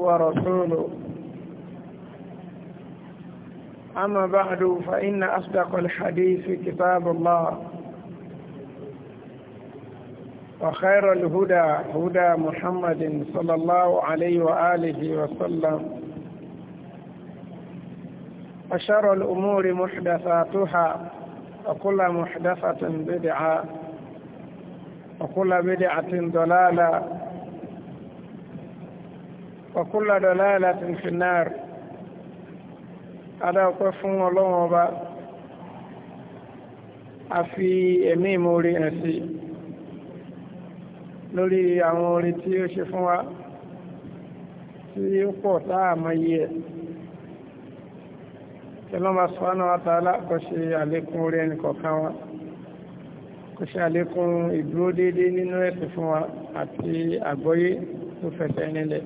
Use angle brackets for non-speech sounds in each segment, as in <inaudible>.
ورسوله أما بعد فإن أصدق الحديث كتاب الله وخير الهدى هدى محمد صلى الله عليه وآله وسلم وشر الأمور محدثاتها وكل محدثة بدعة وكل بدعة ضلالة وكل دلالة في النار adáwọ̀pẹ́ fún ọlọ́run ọba a fi ẹ̀mí ìmoore hàn sí lórí àwọn orin tí ó ṣe fún wa tí ó pọ̀ táàmọ́yé ẹ̀ tẹ́lọ́mà sọ́nà àtàlá kò ṣe àlékún orí ẹni kọ̀ọ̀kan wa kò ṣe àlékún ìdúró déédéé nínú ẹ̀sìn fún wa àti àgbọ́yé tó fẹsẹ̀ nílẹ̀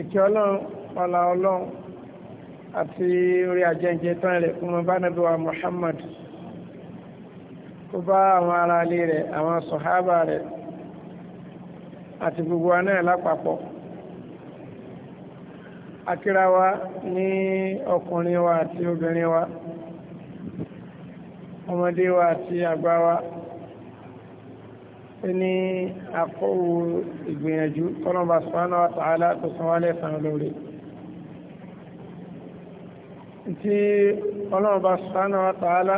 ìkẹ́ ọlọ́run ọlá ọlọ́run àti orí àjẹjẹ tán rẹ̀ fún ọba nàbíwá Muhammad kó bá àwọn ará ilé rẹ̀ àwọn sọ̀hábà rẹ̀ àti gbogbo wa náà lápapọ̀ akíra wa ní ọkùnrin wa àti obìnrin wa ọmọdé wa àti àgbà wa ní àkọ́wò ìgbìyànjú kọ́nàbà sọ́nà àtàlá tó sanwálẹ̀ sàn lórí tí ọlọ́ọ̀bá sọ́nà àtàlá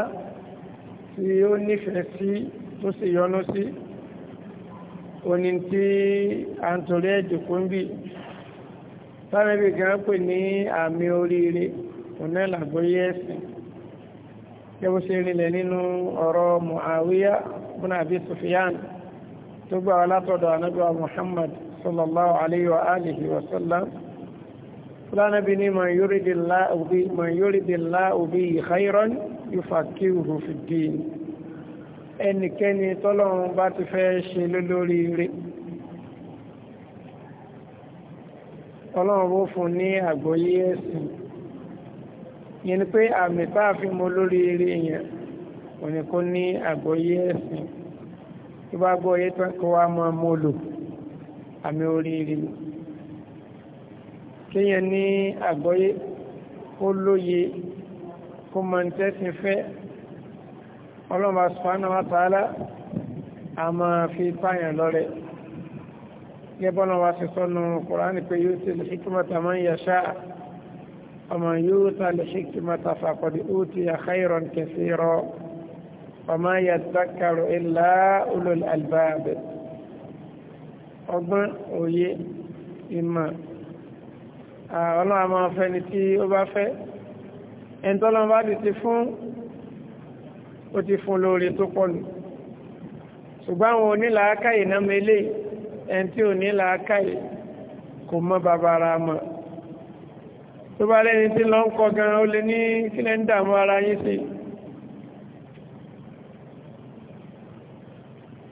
tí ó nífẹ̀ẹ́ sí tó sì yọ́nú sí oní tí a ń torí ẹ̀dùkú ń bì sárébi gan pè ní àmì oríire òní làgbóyé ẹ̀sìn yẹ́bùsẹ̀ rinlẹ̀ nínú ọ̀rọ̀ Muawiya bùnàbí Sufyan tó gbà wá látọ̀dọ̀ anábíwá muhammad sallallahu alayhi wa alihi wa sallam fúlànàbí ní man yuridillahu bihi khayran yufaqihuhu fid-din ẹnikẹ́ni tọ́lọ́run bá ti fẹ́ ṣe lólórí rí ọlọ́run bó fún ní àgbọ́yé ẹ̀sìn yẹn ni pé àmì tá a lórí rí yẹn òní ní àgbọ́yé ẹ̀sìn tó bá gbọ́ yé tán kó wá máa mú lò àmì oríire kéèyàn ní àgbọ́yé ó lóye kó mọ ní tẹ́sìn fẹ́ ọlọ́mà sùpánà wá tààlà a máa fi páyàn lọ́rẹ̀ gẹ́bọ́nà wá sí sọ́nà kùránì pé yóò ti lè hikimata máa ń yàṣá ọmọ yóò ta lè hikimata fàkọ̀dì ó ti yà khairan kẹsì rọ́ ọmọ yàtàkàrọ̀ ilá ulul albab ọgbọ́n òye ìmọ̀ ọlọ́run a máa fẹ́ ni tí ó bá fẹ́ ẹni tọ́lọ́run bá ti fún ó ti fún lóore tó pọ̀ nù ṣùgbọ́n àwọn onílàákàyè náà mẹ́lẹ̀ ẹni onílàákàyè kò mọ bàbára mọ̀ tó bá lẹ́ni tí lọ́ ń kọ ó lé ní kílẹ̀ ń dààmú ara yín sí i.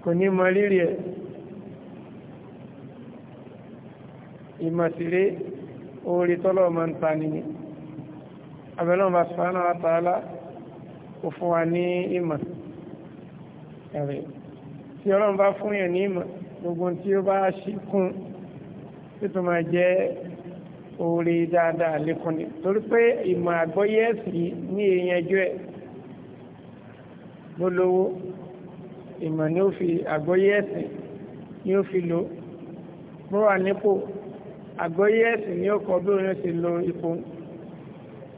kò ní mọ rírì ẹ̀ ìmọ̀sílẹ̀ orí tọ́lọ̀ máa ń ta nìyí abẹ́lọ́mà sọ́nà àtàlá kò fún wa ní ìmọ̀ ẹ̀rẹ̀ tí ọlọ́run bá fún yẹn ní ìmọ̀ gbogbo tí ó bá ṣí títí máa jẹ́ orí dáadáa lékún ni torí pé ìmọ̀ àgbọ́yé ní èèyàn ẹjọ́ ẹ̀ bó ìmọ̀ ni ó fi àgbọ́yé ẹ̀sìn ni ó fi lò bó wà nípò àgbọ́yé ẹ̀sìn ni ó kọ bí òun ti lo ipò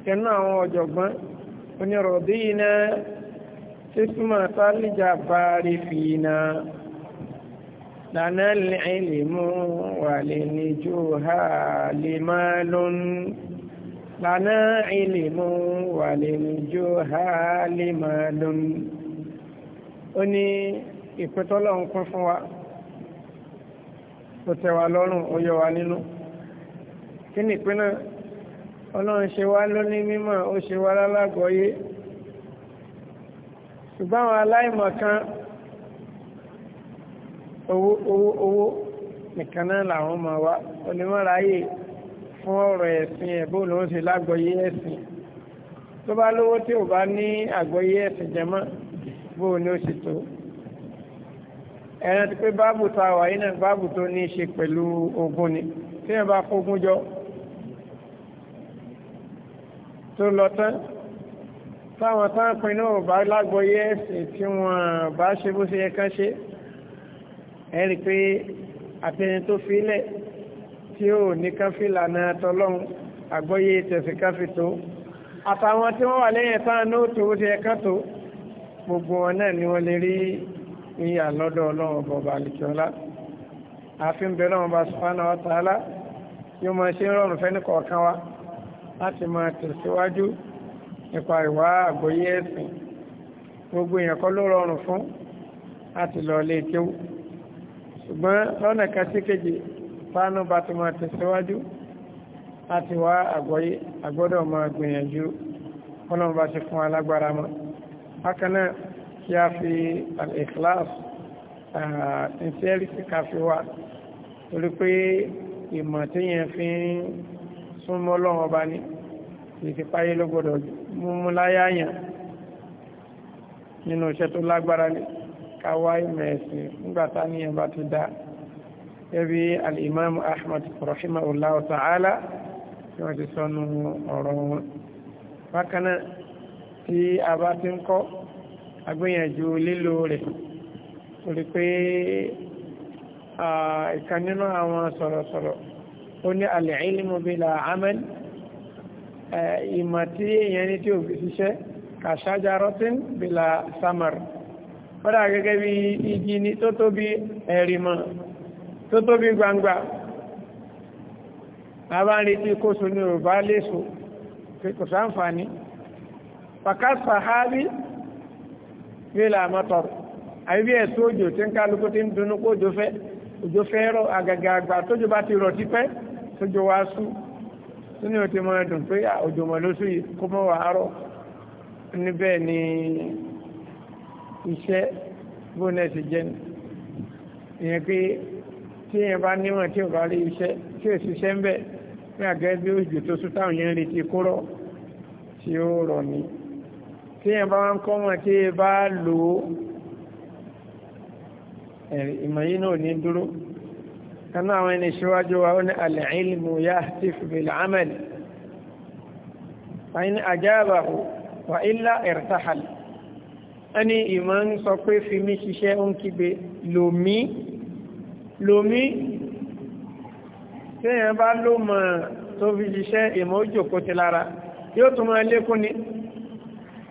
tẹnu àwọn ọ̀jọ̀gbọ́n onírọ̀bí iná títúmọ̀ sálíjà bá rí fi iná lànà ìlìmú wà lè ní jù ha lè máa lónìí lànà ìlìmú wà lè ní jù ha lè máa lónìí ó ní ìpẹ́tọ́lọ̀ ń pín fún wa kò tẹ́ lọ́rùn ó yọ wa nínú kí ni ìpín náà ọlọ́run ṣe wá lóní mímọ̀ ó ṣe wá lálágbọ́yé ṣùgbọ́n àwọn aláìmọ̀ kan owó owó owó nìkan náà làwọn mọ̀ wá onímọ̀ráyè fún ọ̀rọ̀ ẹ̀sìn ẹ̀bó ló ń ṣe lágbọ́yé ẹ̀sìn tó bá lówó tí ò bá ní àgbọ́yé ẹ̀sìn jẹ́mọ́ bó ni ó ṣe tó ẹran ti pé báàbù tá a wà yìí náà báàbù tó ní í ṣe pẹ̀lú ogun ni tí wọ́n bá kógun jọ tó lọ tán táwọn táǹpin náà bá lágbọ́yé ẹ̀sìn tí wọ́n bá ṣe bó ṣe yẹ kán ṣe ẹ rí i pé àtẹni tó filẹ̀ tí ó ní kán fi lànà tọlọ́hún àgbọ́yé tẹ̀sí kán fi tó àtàwọn tí wọ́n wà lẹ́yìn táwọn náà tó bó ṣe yẹ kán tó gbogbo wọn náà ni wọ́n lè rí ìyà lọ́dọ̀ ọlọ́run bọ̀bà àlìkíọ́lá àfi ń bẹ lọ́wọ́n bá subhanahu wa ta'ala yóò máa ṣe rọrùn fẹ́ nìkọ̀ọ̀kan wa láti máa tẹ̀síwájú nípa ìwà àgbọ́yé ẹ̀sìn gbogbo èèyàn kọ́ ló rọrùn fún láti lọ lè e kéwú ṣùgbọ́n lọ́nà kan sí kejì fánú bá ti máa tẹ̀síwájú láti wá àgbọ́yé a máa gbìyànjú ọlọ́run bá ti fún alágbára mọ́ bákanáà kí fi al-ikhlas eh, sincerity ká fi wá torí pé ìmọ̀ tí yẹn fi ń súnmọ́ lọ́wọ́ bá ní ìfipáyé ló gbọ́dọ̀ múmú láyáyàn nínú iṣẹ́ tó lágbára ní káwá ìmọ̀ ẹ̀sìn nígbàtá ní ẹ̀bá ti dá ẹbí al-imam ahmad rahimahullah ta'ala tí wọ́n ti sọ nínú ọ̀rọ̀ wọn bákanáà tí a bá ti ń kọ́ agbìyànjú lílo rẹ̀ torí pé ìkan nínú àwọn sọ̀rọ̀sọ̀rọ̀ ó ní al-ilmu bila amal ìmọ̀ tí èèyàn ní tí ò fi ṣiṣẹ́ ka shajaratin bila samar fọ́dà gẹ́gẹ́ bí igi ní tó tóbi ẹ̀rìmọ̀ tó tóbi gbangba a bá ń retí kóso ní òbá léṣo pé kò sáǹfààní fàkà sàhábì nílà àmọ́tọ̀rọ̀ àbíbí ẹ̀sùn òjò tí ń kálukú tí ń dunú kó òjò fẹ́ òjò fẹ́ rọ àgàgà àgbà tójò bá ti rọ̀ tipẹ́ tójò wá sú sínú ti mọ ẹdùn pé òjò mọ̀ lóṣù yìí kó mọ́ wàá rọ̀ níbẹ̀ ni iṣẹ́ bónẹ́sì jẹ́ ni ìyẹn pé tí èèyàn bá níwọ̀n tí ò bá rí iṣẹ́ tí ò ṣiṣẹ́ ń bẹ̀ ní àgẹ́ bí òjò tó sún táwọn yẹn ń retí kó rọ̀ tí ó rọ̀ ni tí yẹn bá ń kọ́mọ̀ tí yẹ bá lò ó ìmọ̀ yìí náà ní dúró kaná àwọn ẹni ṣíwájú wa ó ní al-ilmu yahtif bil-amal fàyín ajabahu wa illa irtahal ẹni ìmọ̀ ń sọ pé fi mí ṣiṣẹ́ ó ń kígbe lòmí lòmí tí yẹn bá lò mọ̀ tó fi ṣiṣẹ́ ìmọ̀ ó jòkó ti lára yóò tún máa lékún ni.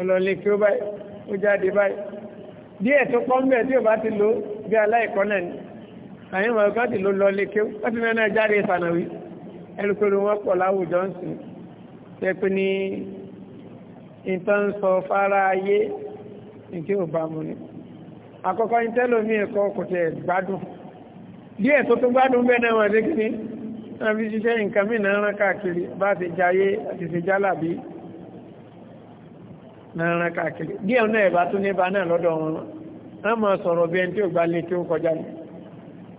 ọlọ́lẹ̀ kí ó báyìí ó jáde báyìí díẹ̀ tó pọ́ mbẹ́ tí ò bá ti lò bí aláìkọ́ náà ni àyìn wọn kan ti lò lọ́lẹ̀ kí ó ti náà jáde sànàwí ẹlùkọ́rù wọn pọ̀ láwùjọ ń sìn tẹ́ pé ní nǹkan sọ fara ayé nǹkí ò bá mu ni àkọ́kọ́ ní tẹ́lómi ẹ̀kọ́ kò tẹ̀ gbádùn díẹ̀ tó tó gbádùn bẹ́ẹ̀ náà wọ́n dé kí ni wọ́n fi ṣiṣẹ́ nǹkan mìíràn rán káàkiri bá ti jayé àti ti jálàbí náà káàkiri díẹ̀ náà ẹ̀bá tún ní bá náà lọ́dọ̀ wọn náà mọ̀ sọ̀rọ̀ bí ẹni tí ò bá lé tí ó kọjá ní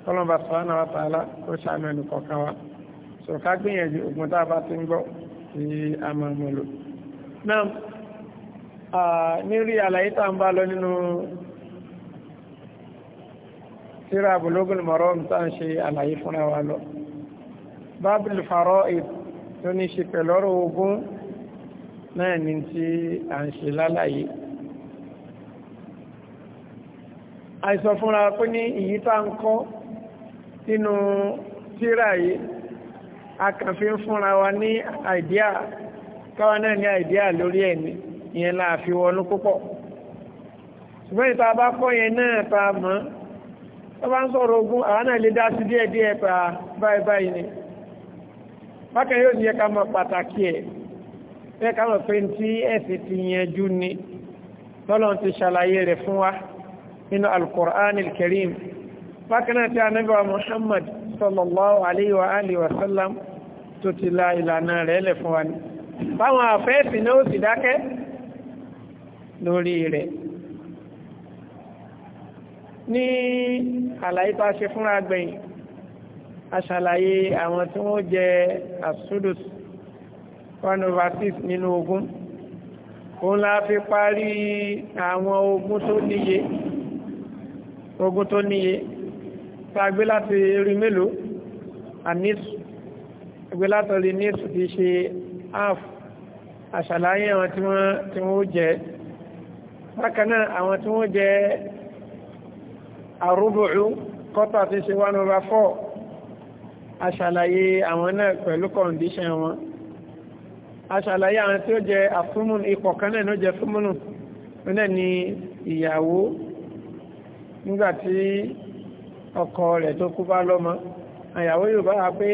ọlọ́mọba sọ́nà wa tààlà ó ṣàánú ẹnu kọ̀ọ̀kan wa sọ ká gbìyànjú ògùn tá a bá ti ń gbọ́ sí amọ̀mọ̀lò náà nírí àlàyé tá à ń bá lọ nínú síra àbúlógún mọ̀rọ́ tá à ṣe àlàyé fúnra wa lọ bábìlì farọ́ ètò ní ṣe pẹ̀lọ́rọ̀ ogun náà ni tí a ń ṣe lálàyé àìsàn fúnra pé ní ìyí tá ń kọ́ nínú tíra yìí a kàn fi ń fúnra wa ní àìdíà káwa náà ní àìdíà lórí ẹ̀mí ìyẹn la fi wọnú púpọ̀ ṣùgbọ́n ìta bá kọ́ yẹn náà ta mọ́ tó bá ń sọ̀rọ̀ ogun àwọn náà lè dá sí díẹ̀díẹ̀ pa báyìí báyìí ni bákan yóò ní ẹ̀ka mọ̀ pàtàkì ẹ̀ fẹ́ ká mọ̀ pé tí ẹ̀sìn ti yanjú ni lọ́lọ́n ti ṣàlàyé rẹ̀ fún wa nínú al-Qur'an al-Karim bákan náà tí Ànábì wa Muhammad sallallahu alayhi wa alihi wa sallam tó ti la ìlànà rẹ̀ lẹ̀ fún wa ni báwọn àfẹ́ẹ̀sì náà sì dákẹ́ lórí rẹ̀ ní àlàyé ṣe fúnra gbẹ̀yìn a ṣàlàyé àwọn tí wọ́n jẹ àsúdùsù one over six nínú ogún òun la fi parí àwọn ogún tó níye ogún tó níye tàgbé láti rí mélòó àníṣù ẹgbé látọ̀rí níṣù ti ṣe half àṣàlàyé àwọn tí wọ́n jẹ́ bákanáà àwọn tí wọ́n jẹ́ àrúbùrú kọ́tà ti ṣe one over àwọn náà pẹ̀lú condition wọn aṣàlàyé àwọn tí ó jẹ àfúnmùn ipò kan náà ló jẹ fúnmùnù náà ni ìyàwó nígbàtí ọkọ rẹ̀ tó kú bá lọ́mọ àyàwó yóò bá wà pé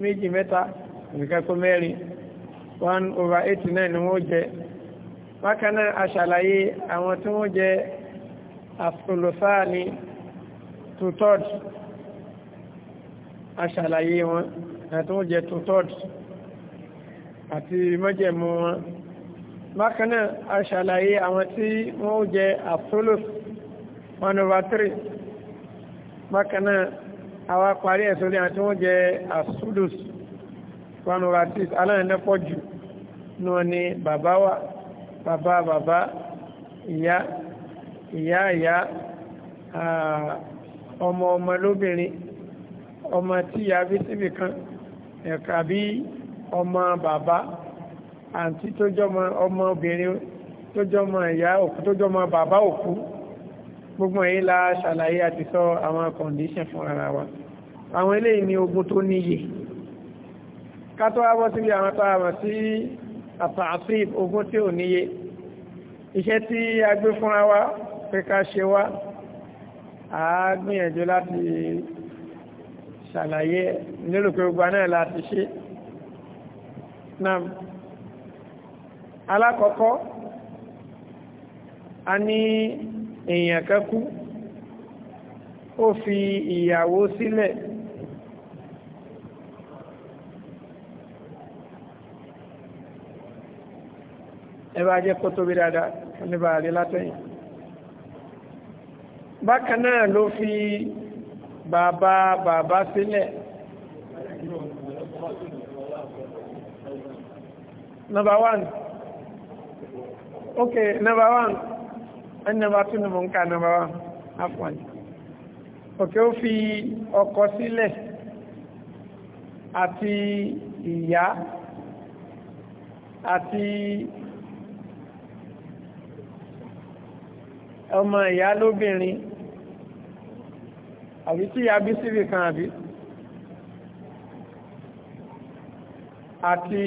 méjì mẹ́ta ìrìkẹ́kọ́ mẹ́rin one over eighty nine ni wọ́n jẹ bákan náà aṣàlàyé àwọn tí wọ́n jẹ àfúnlọ́fáà ni two aṣàlàyé wọn àti wọ́n jẹ two thirds àti mọ́jẹ̀mú wọn bákan náà a ṣàlàyé àwọn tí wọ́n ó jẹ absolute one over three bákan náà àwa parí ẹ̀ sórí àwọn tí wọ́n jẹ asudus one over six aláìlẹ́pọ̀ jù ní ni bàbá wa bàbá bàbá ìyá ìyá ìyá ọmọ ọmọ lóbìnrin ọmọ tíyà bí síbì kan ẹ̀ka bíi ọmọ bàbá àǹtí tó jọmọ ọmọ obìnrin tó jọmọ ìyá òkú tó jọmọ bàbá òkú gbogbo èyí la ṣàlàyé àti sọ àwọn condition fún ara wa àwọn eléyìí ni ogun tó níye kátó wá bọ́ síbi àwọn tó àmọ̀ sí àtàṣíb ogun tí ò níye iṣẹ́ tí a gbé fúnra wa pé ká ṣe wá a gbìyànjú láti ṣàlàyé nílò pé gbogbo náà láti ṣe nam alákọ̀ọ́kọ́ a ní èèyàn kan kú ó fi ìyàwó sílẹ̀ ẹ bá jẹ́ kó tóbi dáadáa níbà rí látẹ̀yìn bákan number one okay number one ẹni number two ni mo ń ka number one afwan okay ó fi ọkọ sílẹ̀ àti ìyá àti ọmọ ìyá lóbìnrin àbí tí ìyá bí síbì kan àbí àti.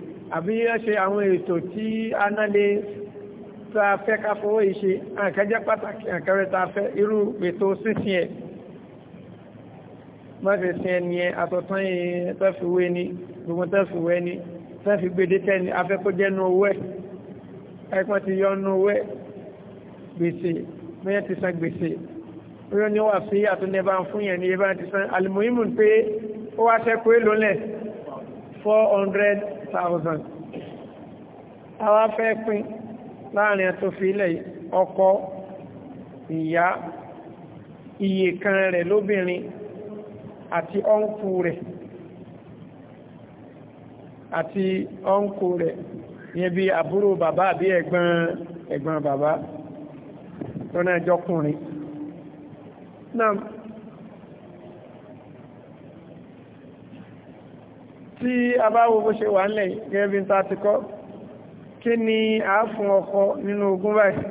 àbí yẹ́ ṣe àwọn ètò tí a ná lè tá a fẹ́ ká fowó ìṣe àkẹ́jẹ́ pàtàkì àkẹrẹ tá a fẹ́ irú ètò sísìn ẹ̀ mọ́fẹ́ sí ẹni ẹ àtọ̀tán yìí tẹ́fìwé ní gbogbo tẹ́fìwé ní tẹ́fì gbèdékẹ́ ní afẹ́kọ́jẹ́ ní owó ẹ̀ ẹ̀pọ̀ ti yọ 400 thousand àwa fẹ́ pín láàrin ẹ̀ tó fi ilẹ̀ ọkọ ìyá iye kan rẹ̀ lóbìnrin àti ọ̀nkù rẹ̀ àti ọ̀nkù rẹ̀ yẹn bí àbúrò bàbá àbí ẹ̀gbọ́n ẹ̀gbọ́n bàbá tó náà jọkùnrin náà tí a bá wo bó ṣe wà ńlẹ̀ gẹ́gẹ́ bí ta ti kọ́ kí ni a fún ọkọ nínú ogún báyìí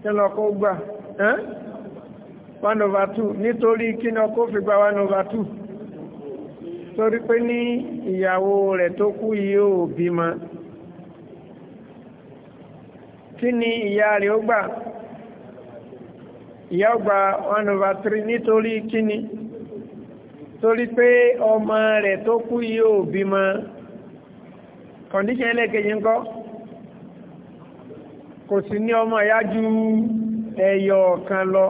kí ni ọkọ gbà one over two nítorí kí ni ọkọ fi gba one over torí pé ní ìyàwó rẹ̀ tó kú yìí ò bímọ kí ni ìyá rẹ̀ ó gbà ìyá ó gbà one over nítorí kí ni torí pé ọmọ rẹ̀ tó kú yóò bímọ kọ̀ndíṣẹ́ ẹlẹ́kẹ̀yìn ńkọ́ kò sí ní ọmọ ìyá ju ẹyọ kan lọ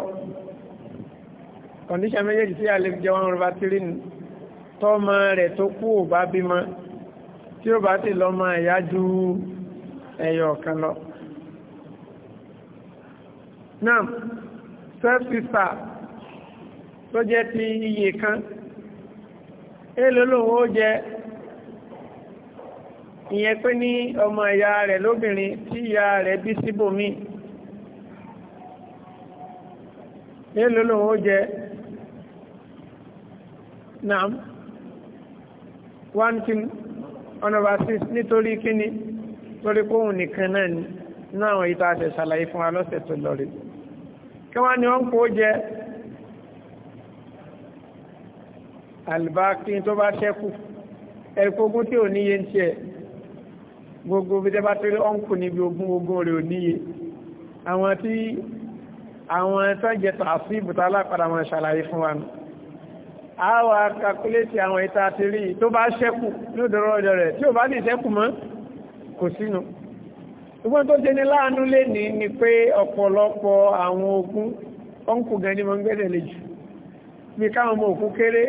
kọ̀ndíṣẹ́ méjèèjì tí àlè jẹ́ wọn rọba tírí nù tọ́mọ rẹ̀ tó kú ò bá bímọ tí ó bá ti lọ́mọ ìyá ẹyọ kan lọ náà self-sister tó jẹ́ ti iye kan èlò lòun ó jẹ ìyẹn pé ní ọmọ ìyá rẹ̀ lóbìnrin tí ìyá rẹ̀ bí síbòmí èlò lòun ó jẹ naam one kin ọ̀nàbà six nítorí kíni torí kóhùn nìkan náà ní náà ìta àṣẹ ṣàlàyé fún wa lọ́sẹ̀ tó lọ rí kí wọ́n ní wọ́n kó jẹ àlùbákí tó bá ṣẹ́kù ẹ̀kọ́ ogún tí ò níye ń tiẹ̀ gbogbo bí tẹ́ bá tó lé ọ̀nkù níbi ogún ogún rẹ̀ ò níye àwọn tí àwọn tọ́jẹ́ tààsí ìbùtà alápàdà wọn ṣàlàyé fún wa nù àwọ̀ akakulétì àwọn ìta ti rí tó bá ṣẹ́kù ní òdòrò rẹ̀ tí ò bá lè ṣẹ́kù mọ́ kò sínú ṣùgbọ́n tó jẹ́ ní láàánú lè ní ni pé ọ̀pọ̀lọpọ̀ àwọn ogún ọ̀nkù gan ni mo ń gbẹ́dẹ̀ lè jù bí káwọn ọmọ òkú kéré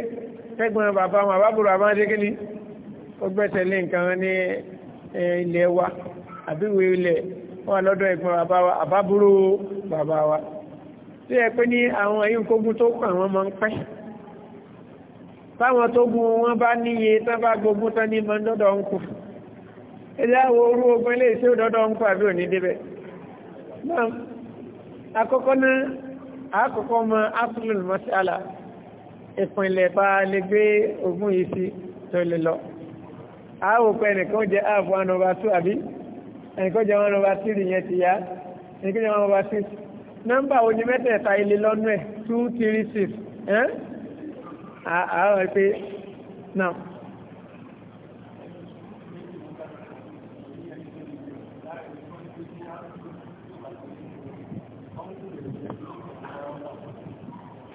kẹ́gbọ́n bàbá wọn àbábùrò àbádékíní ó gbẹ́sẹ̀lé nǹkan ní ilẹ̀ wa àbíwò ilẹ̀ wọn lọ́dọ̀ ẹ̀gbọ́n bàbá wa àbábùrò bàbá wa tí ẹ pé ní àwọn ẹ̀yìn kógun tó kàn wọ́n máa ń pẹ́ táwọn tó gun wọn bá níye tán bá gbógun tán ní mọ́ dọ́dọ̀ ń kù ilé àwọn orú ogun ilé ìṣe òdọ́dọ̀ ń kù àbí òní débẹ̀ náà àkọ́kọ́ náà àkọ́kọ́ mọ absolute masala ìpínlẹ̀ bá lè gbé ogún yìí sí tó lè lọ àwòpẹ́ ẹnìkan jẹ́ ààbò one over two àbí ẹnìkan jẹ́ one over three yẹn ti yá ẹnìkan jẹ́ one over nọ́mbà wo ni mẹ́tẹ̀ẹ̀ta ilé lọ́nà ẹ̀ two three six ẹ́ pé náà.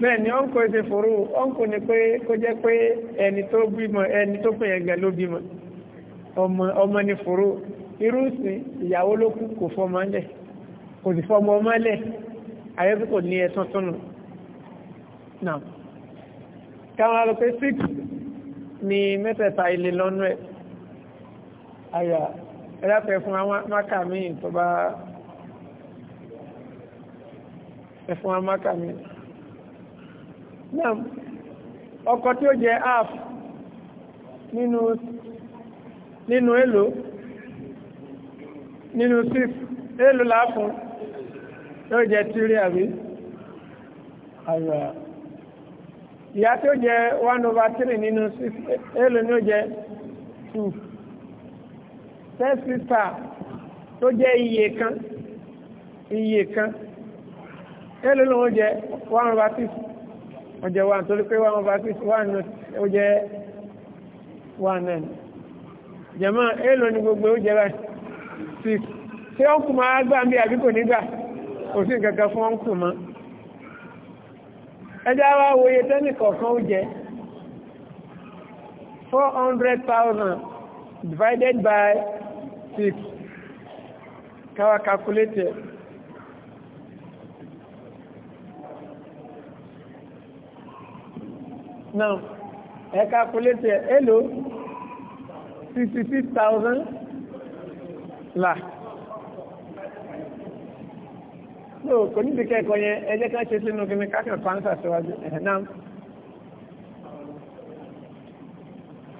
bẹ́ẹ̀ ni ọ́nkò ṣe fòrò ọ́nkò ni pé kó jẹ́ pé ẹni tó bímọ ẹni tó pè ẹgbẹ̀ ló bímọ ọmọ ni fòrò irúsìn ìyàwó ló kú kò fọmọ lẹ̀ kò sì fọmọ ọmọ lẹ̀ ayé tí kò ní ẹ̀tọ́ tọ́nù náà káwọn alọ six ni mẹ́tẹ̀ẹ̀ta ilé lọ́nú ẹ̀ àyà ẹ̀dáfẹ́ fún àwọn mákà míì tó bá ẹ̀fún àwọn mákà míì náà ọkọ̀ tí ó jẹ́ half nínú nínú èlò nínú six èlò láàfún yóò jẹ́ tírí àbí àrà ìyá tí ó jẹ́ one over three nínú six èlò ni ó jẹ́ two first sister tó jẹ́ iye kan iye kan èlò ló ń jẹ́ one over six ó jẹ́ one torí pé one over six one ó jẹ́ one nine jẹ̀mọ́ èèlò ni gbogbo ó jẹ́ báyìí six ṣé ọ̀nkù máa gbà ń bí àbí kò ní gbà kò sí nǹkan kan fún ọ̀nkù mọ́ ẹjá wá wòye tẹ́nì kọ̀ọ̀kan ó jẹ́ four hundred thousand divided by six káwa calculate now ẹ calculate ẹ̀ èlò sixty six thousand là no kò níbi kẹ́kọ̀ọ́ yẹn ẹ jẹ́ ká ṣe sínú kí ni kákan fáńsà síwájú ẹ̀ náà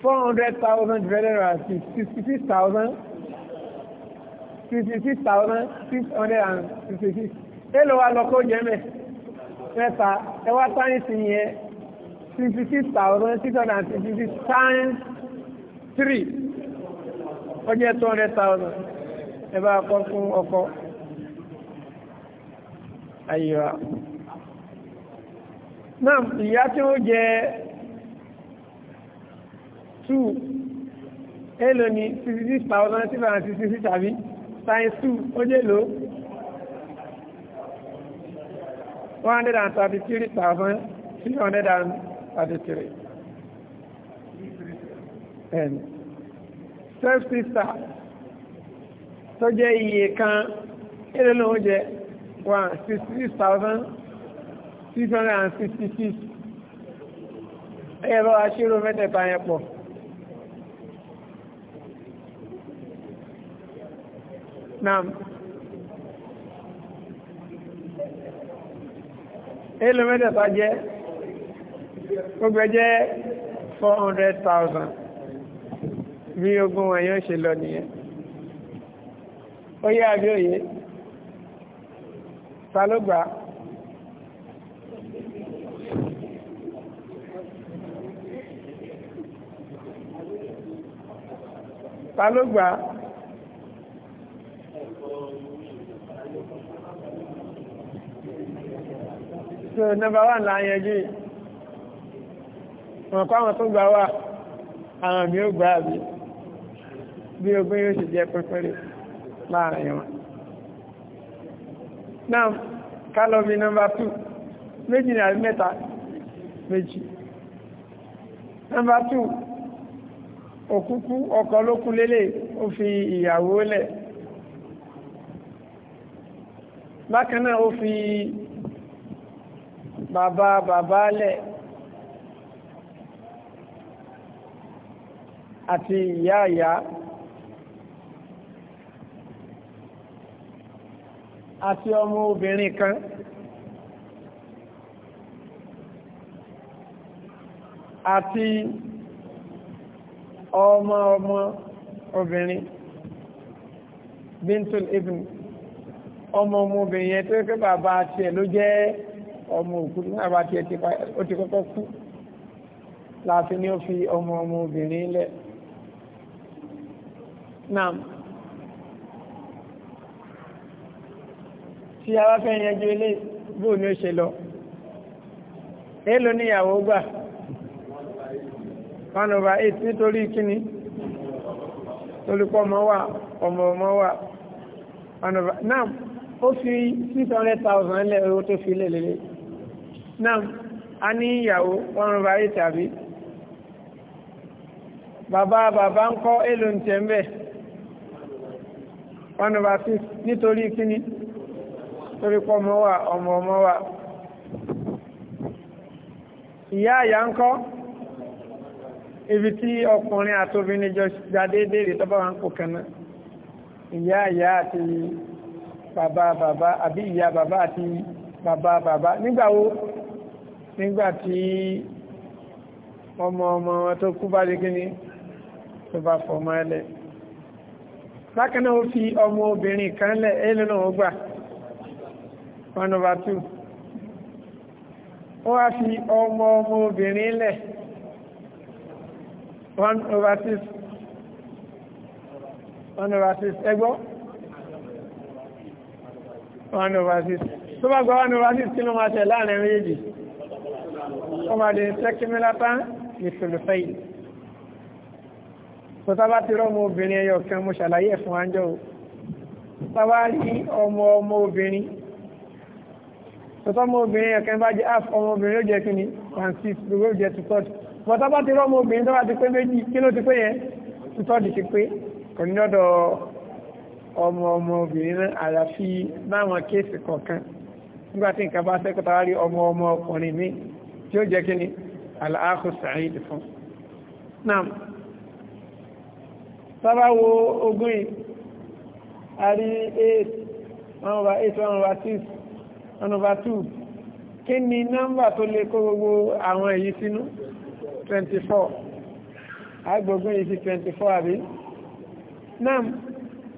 four hundred thousand divided by sixty six thousand sixty six thousand six hundred and sixty wa lọ kó jẹ́ mẹ́ta ẹ wá táyì sí yẹn sixty six thousand six hundred and sixty six times three ó two hundred thousand ẹ bá kọ́ fún ọkọ àyíwá náà ìyá tí ó jẹ two èlò ní sixty six thousand six hundred and sixty six tàbí times two ó jẹ́ lò one hundred and thirty three thousand three hundred and 33 ẹni self sister tó jẹ́ iye kan ilé lóun jẹ́ one sixty six thousand six hundred and sixty six ẹ̀yẹ́ bá wa ṣírò mẹ́tẹ̀ẹ̀ta yẹn pọ̀. Naam. Ele mẹ́tẹ̀ẹ̀ta jẹ́ gbogbo ẹjẹ́ 400,000 hundred thousand bí ogún wọn yóò ṣe lọ nìyẹn ó yé àbí òye ta ló gbà ta ló gbà so number one la yanjú wọn kọ́ àwọn tó gbà wà àwọn mi ó gbà bí bí ogún yóò ṣe jẹ́ pẹ́pẹ́rẹ́ láàrin wọn náà kálọ́bí nọ́mbà 2 méjì ní àbí mẹ́ta méjì nọ́mbà 2 òkúkú ọkọ ló lélẹ̀ ó fi ìyàwó lẹ̀ bákan ó fi bàbá bàbá lẹ̀ àti ìyá ìyá àti ọmọ obìnrin kan àti ọmọ ọmọ obìnrin bintul ibn ọmọ ọmọ obìnrin yẹn tó yẹ pé bàbá tiẹ̀ ló jẹ́ ọmọ òkú náà bàbá tiẹ̀ ó ti kọ́kọ́ kú láti ní ó fi ọmọ ọmọ obìnrin lẹ̀ náà tí a wá fẹ́ yanjú ilé bóò ní ó ṣe lọ èèlò níyàwó gbà one over eight nítorí kíni olùkọ́ ọmọ wà ọmọ ọmọ wà one over ó fi six hundred thousand lẹ́ owó tó fi lé lélẹ̀ náà a ní ìyàwó one over àbí bàbá bàbá ń kọ́ èèlò ń tẹ̀ ń bẹ́ẹ̀ one over six nítorí kíní torí pọ́ ọmọ wa ọmọ ọmọ wa ìyá àyà ń kọ́ ibi tí ọkùnrin àtobìnrin jọ gbadédé rè tọ́ba wa ń kó kan náà ìyá àyà àti bàbá bàbá àbí ìyá bàbá àti bàbá bàbá nígbà wo nígbà tí ọmọ ọmọ tó kú bá di kíní tó bá fọmọ ẹlẹ́ẹ̀ bákan náà ó fi ọmọ obìnrin kan lẹ̀ èlò náà ó gbà one over two ó wá fi ọmọ ọmọ obìnrin lẹ̀ one over six one over six ẹgbọ́ one over six tó bá gba one over six kí ló máa tẹ̀ láàrin méjì ó máa dé sẹ́kímílátán ní sòlùfẹ́ yìí sọtábà ti rọ́mọ obìnrin ẹyọ kan mo ṣàlàyé ẹ̀ fún wájọ́ o sọtábà rí ọmọ ọmọ obìnrin sọtọ́mọ obìnrin ẹ̀kẹ́ bá jẹ́ half ọmọ obìnrin ó jẹ́ kí ni one six gbogbo jẹ́ two thirty but tá bá ti rọ́mọ obìnrin tó bá ti pé méjì kí ló ti pé yẹn two ti pé kò ní lọ́dọ̀ ọmọ ọmọ obìnrin náà àyàfi láwọn kéèsì kọ̀ọ̀kan nígbà tí nǹkan bá sẹ́kọ̀ mi tí ó jẹ́ kí ni àlàáfù sàáyé sábà wo yìí a rí eight one over eight one over six one over two kí ni nọ́mbà tó lè kó gbogbo àwọn èyí sínú twenty four agbogbo yìí sí twenty four àbí náà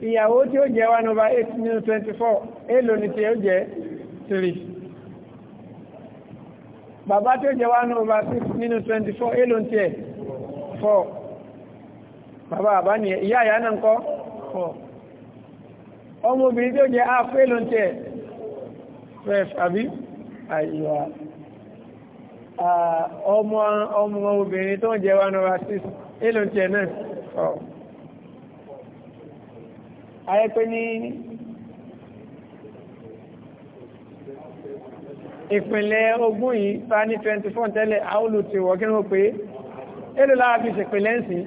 ìyàwó tí ó jẹ́ one over eight nínú twenty four èèlò ni tí ó jẹ́ three bàbá tí ó jẹ́ one over six nínú twenty four èèlò ni tí four bàbá bàbá ni ìyá ìyá náà kọ́ ọmọ obìnrin tí ó jẹ́ àfẹ́ ló ń tẹ̀ fẹ́f àbí àyíwá ọmọ ọmọ obìnrin tó ń jẹ́ 106 èlò ń tẹ̀ náà ayẹ́pẹ́ ní ìpínlẹ̀ ogún yìí bá ní 24 tẹ́lẹ̀ àúlù ti wọ́kínú pé èlò láàbí ìṣẹ̀pínlẹ̀ ń sìn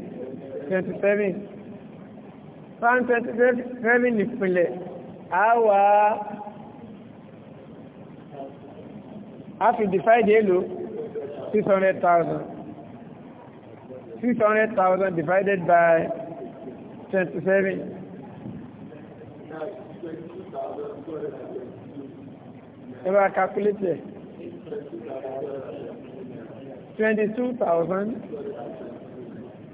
27 Psalm 27 nìpìnlẹ̀ àwà àfi divide èlò 600,000 600,000 divided by 27 ẹwà calculate 22,000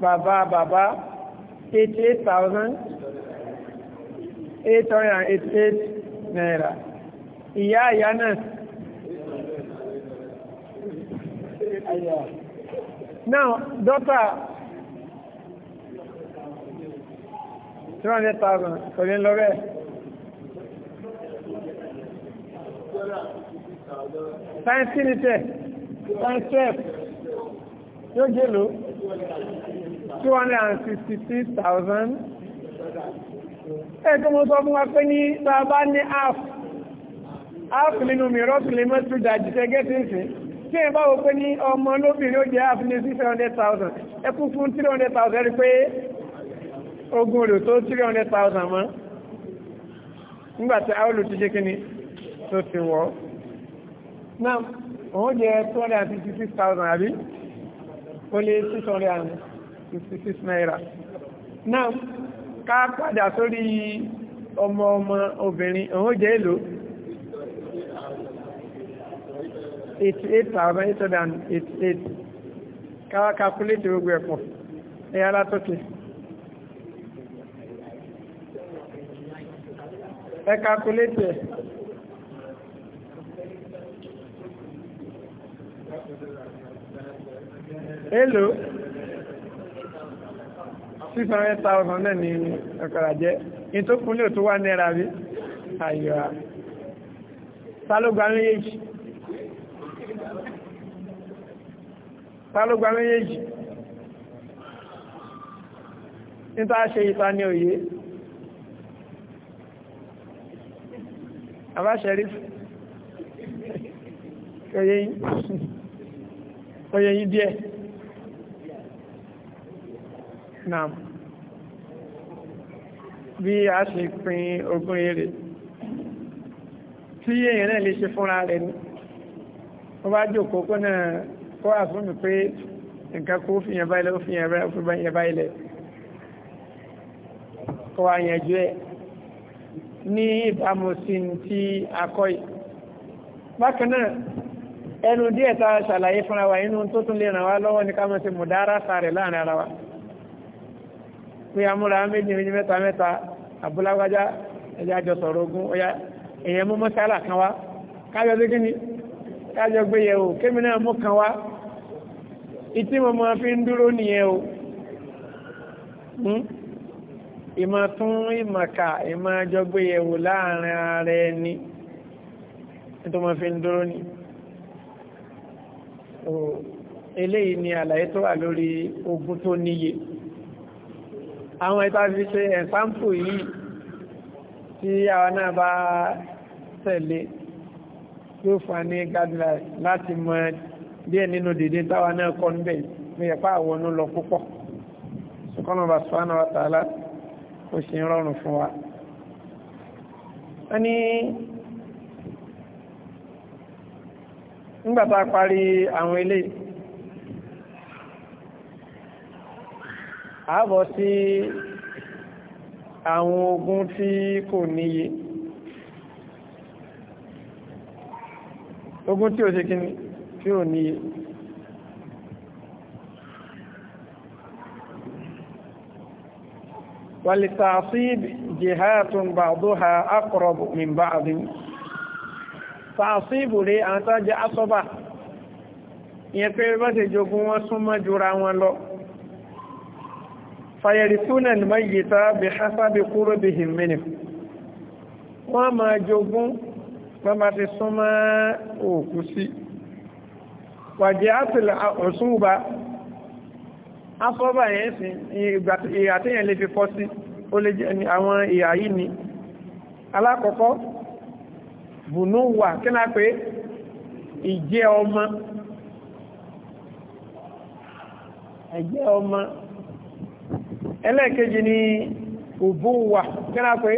bàbá bàbá eighty eight thousand eight hundred and eighty eight naira ìyá ìyá náà now daughter two hundred thousand kò ní lọ bẹ́ẹ̀ yóò jẹ́ lò 266,000 ẹ̀kọ́ mo sọ fún wa pé ní bàbá ní half half nínú mìíràn tó lè mọ́tò dájú tẹ́gẹ́ tí ń sìn tí ẹ bá wo pé ní ọmọ lóbìnrin ó jẹ́ half ní 600,000 ẹkún fún 300,000 rí pé ogun rẹ̀ tó 300,000 mọ́ nígbàtí aolu ti jẹ́ kíní tó ti wọ́ náà òun jẹ́ 266,000 àbí ó lé six hundred and fifty six naira náà ká padà sórí ọmọ ọmọ obìnrin òun jẹ́ èlò eighty eight thousand eight hundred and eighty eight ká wá calculate gbogbo ẹ̀pọ̀ ẹ̀yà látọ́kì. ẹ calculate ẹ̀. èlò 600,000 náà ni ọ̀kọ̀rà jẹ́ in tó kún lè tó wà náírà rí àyíwá tálógbà méjèèjì tálógbà méjèèjì níta ṣe ìta ní òye àbáṣẹ́rí Oye yìí díẹ̀ nam bí a ṣe pín ogún èrè tí èèyàn náà lè ṣe fúnra rẹ̀ ni wọ́n bá jókòó kó náà kó wà fún mi pé nǹkan kó fi yẹn báyìí lọ fi yẹn báyìí fi yẹn báyìí lẹ kó wà yẹn jù ẹ ní ìbámu sí ti akọ́ yìí bákan náà ẹnu díẹ̀ tá ṣàlàyé fúnra wa inú tó tún lè ràn wá lọ́wọ́ ní ká mọ̀ sí mùdárà sáré láàrin ara wa pé amúra méjì méjì mẹ́ta mẹ́ta àbúláwájá ẹjẹ́ àjọ sọ̀rọ̀ ogun ọya èèyàn mú mọ́sálà kan wá kájọ sí kíni kájọ gbé yẹ o kémi náà mú kan wá ìtí mo máa fi ń dúró nìyẹn o hmm? ìmọ̀ tún ìmọ̀ka ìmọ̀ àjọ gbé yẹ o láàrin ara ẹni tó máa fi ń dúró ní eléyìí ni àlàyé tó wà lórí ogun tó níye àwọn ìta fi ṣe ẹ̀sáǹpù yìí tí àwọn náà bá tẹ̀lé yóò fà ní gádùlá láti mọ díẹ̀ nínú dìde táwa náà kọ́ níbẹ̀ ní ẹ̀pá àwọn ọ̀nà lọ púpọ̀ ṣùkọ́nà subhanahu wa ta'ala kò ṣe ń rọrùn fún wa ẹni nígbàtà parí àwọn eléyìí àbọ̀ sí àwọn ogun tí kò níye ogun tí ò ṣe kí ni tí ò níye wàlìtàṣíb jihátun bàdóha akọrọ̀bù min bàdín tàṣíbù rí àwọn asọ́bà ìyẹn bá ṣe jogun wọn súnmọ́ jura wọn lọ fàyẹ̀rìsúnà mẹ́yìta bí hásábí kúrò bí hìmínì wọ́n máa jogún wọ́n máa ti súnmọ́ òkú sí wàjẹ́ àtìlẹ̀ ọ̀ṣúnba afọ́bà yẹn sí ìhà tí yẹn lè fi kọ́ sí ó lè jẹ́ àwọn ìhà yìí ni alákọ̀ọ́kọ́ bùnú wà kí náà pé ìjẹ́ ọmọ ẹlẹ́ẹ̀kejì ni òbúwà gẹ́nà pé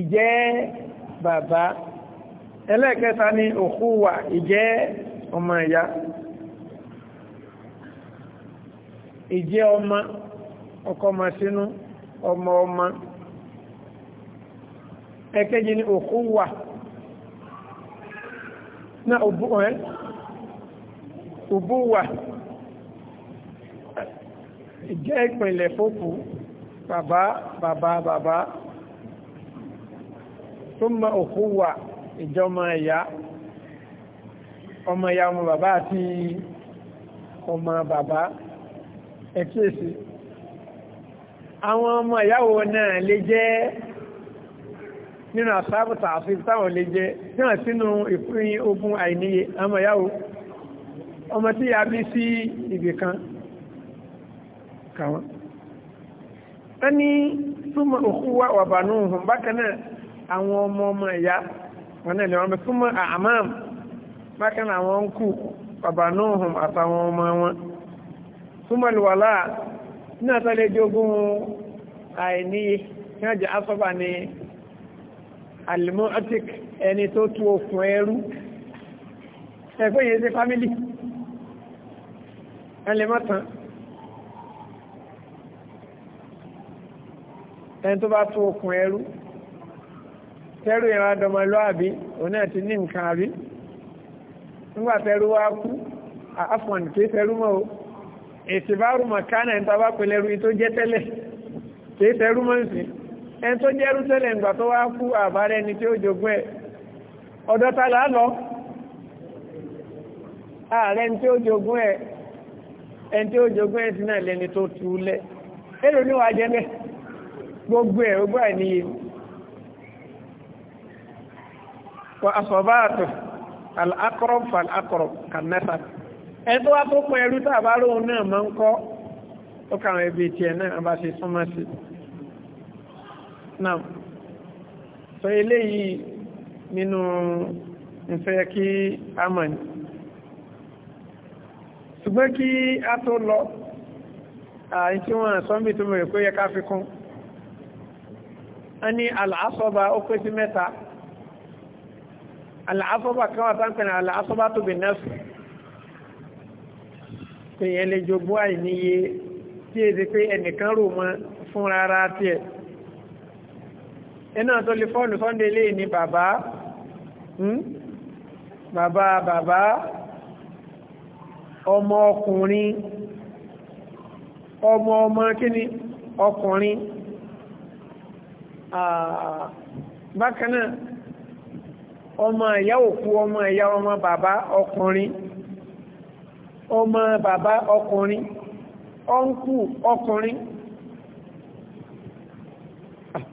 ìjẹ́ bàbá ẹlẹ́ẹ̀kẹta ni òkúwà ìjẹ́ ọmọ ìyá ìjẹ́ ọmọ ọkọ̀ọmọ sínú ọmọ ọmọ ẹ̀kejì ni òkúwà náà òbúwà ìjẹ́ ìpìnlẹ̀ fókù bàbá bàbá bàbá tó mọ òkú wà ìjọmọ ẹ̀yà ọmọ ẹ̀yà ọmọ bàbá àti ọmọ bàbá ẹ̀kíyèsí àwọn ọmọ ìyàwó náà lè jẹ́ nínú àsáàbùtà àti táwọn lè jẹ́ náà sínú ìpín ogun àìníye ọmọ ìyàwó ọmọ tí a bí sí ibìkan ka wọn. wọ́n ní súnmọ́ òkú wa wà bànú hùn bákan náà àwọn ọmọ ọmọ ìyá wọn náà lè wọn bẹ súnmọ́ àmàm bákan náà àwọn ń kú wà bànú hùn àtàwọn ọmọ wọn. súnmọ́ ìwàlá náà sálẹ̀ jogún àìníye kí wọ́n jẹ́ asọ́bà ní alimotic ẹni tó tú okùn ẹrú ẹgbẹ́ yẹn ṣe fámílì ẹlẹ́mọ̀tàn ẹni tó bá tó okùn ẹrú tẹ́rù yẹn wá dọmọlúàbí òun náà ti ní nǹkan àbí nígbà tẹ́rù wá kú àfọ̀n kìí tẹ́rù mọ́ o èsì bá rú màkánà ẹni tó bá pèlè ẹrú tó jẹ́ tẹ́lẹ̀ kìí tẹ́rù mọ́ sí ẹni tó jẹ́ ẹrú tẹ́lẹ̀ nígbà tó wá kú ẹni tí ó jogún ta là á lọ ààrẹ ẹni tí ó jogún ẹni tí ó jogún náà lẹni tó tu gbogbo ẹ̀ ogbó àìníye wọ asọ̀báàtò al'akọrọm fal'akọrọm kanẹ́ta ẹni tó wá tó pọ̀ ẹrú tá àbá lóhun náà máa ń kọ́ ó kàwọn ẹbí tiẹ̀ náà bá ṣe súnmọ́ sí náà sọ eléyìí nínú ìfẹ́ kí a mọ̀ ṣùgbọ́n kí a tó lọ àìsí wọn sọ́mbì tó mọ̀ rẹ̀ yẹ ká fi kún wọ́n ní àlàásọ́bà ó pé sí mẹ́ta àlàásọ́bà kan wà táǹkì ní àlàásọ́bà tó bì nẹ́sù pé yẹn lè jogún àìníye tí èdè pé ẹnìkan rò mọ́ fún rárá tiẹ̀ iná tó lè fọ́ọ̀nù fọ́ndé lè ní bàbá hmm? bàbá bàbá ọmọ ọkùnrin ọmọ ọmọ kíni ọkùnrin Ah, bákanáà ọmọ ìyá òkú ọmọ ìyá ọmọ bàbá ọkùnrin ọmọ bàbá ọkùnrin ọ́nkù ọkùnrin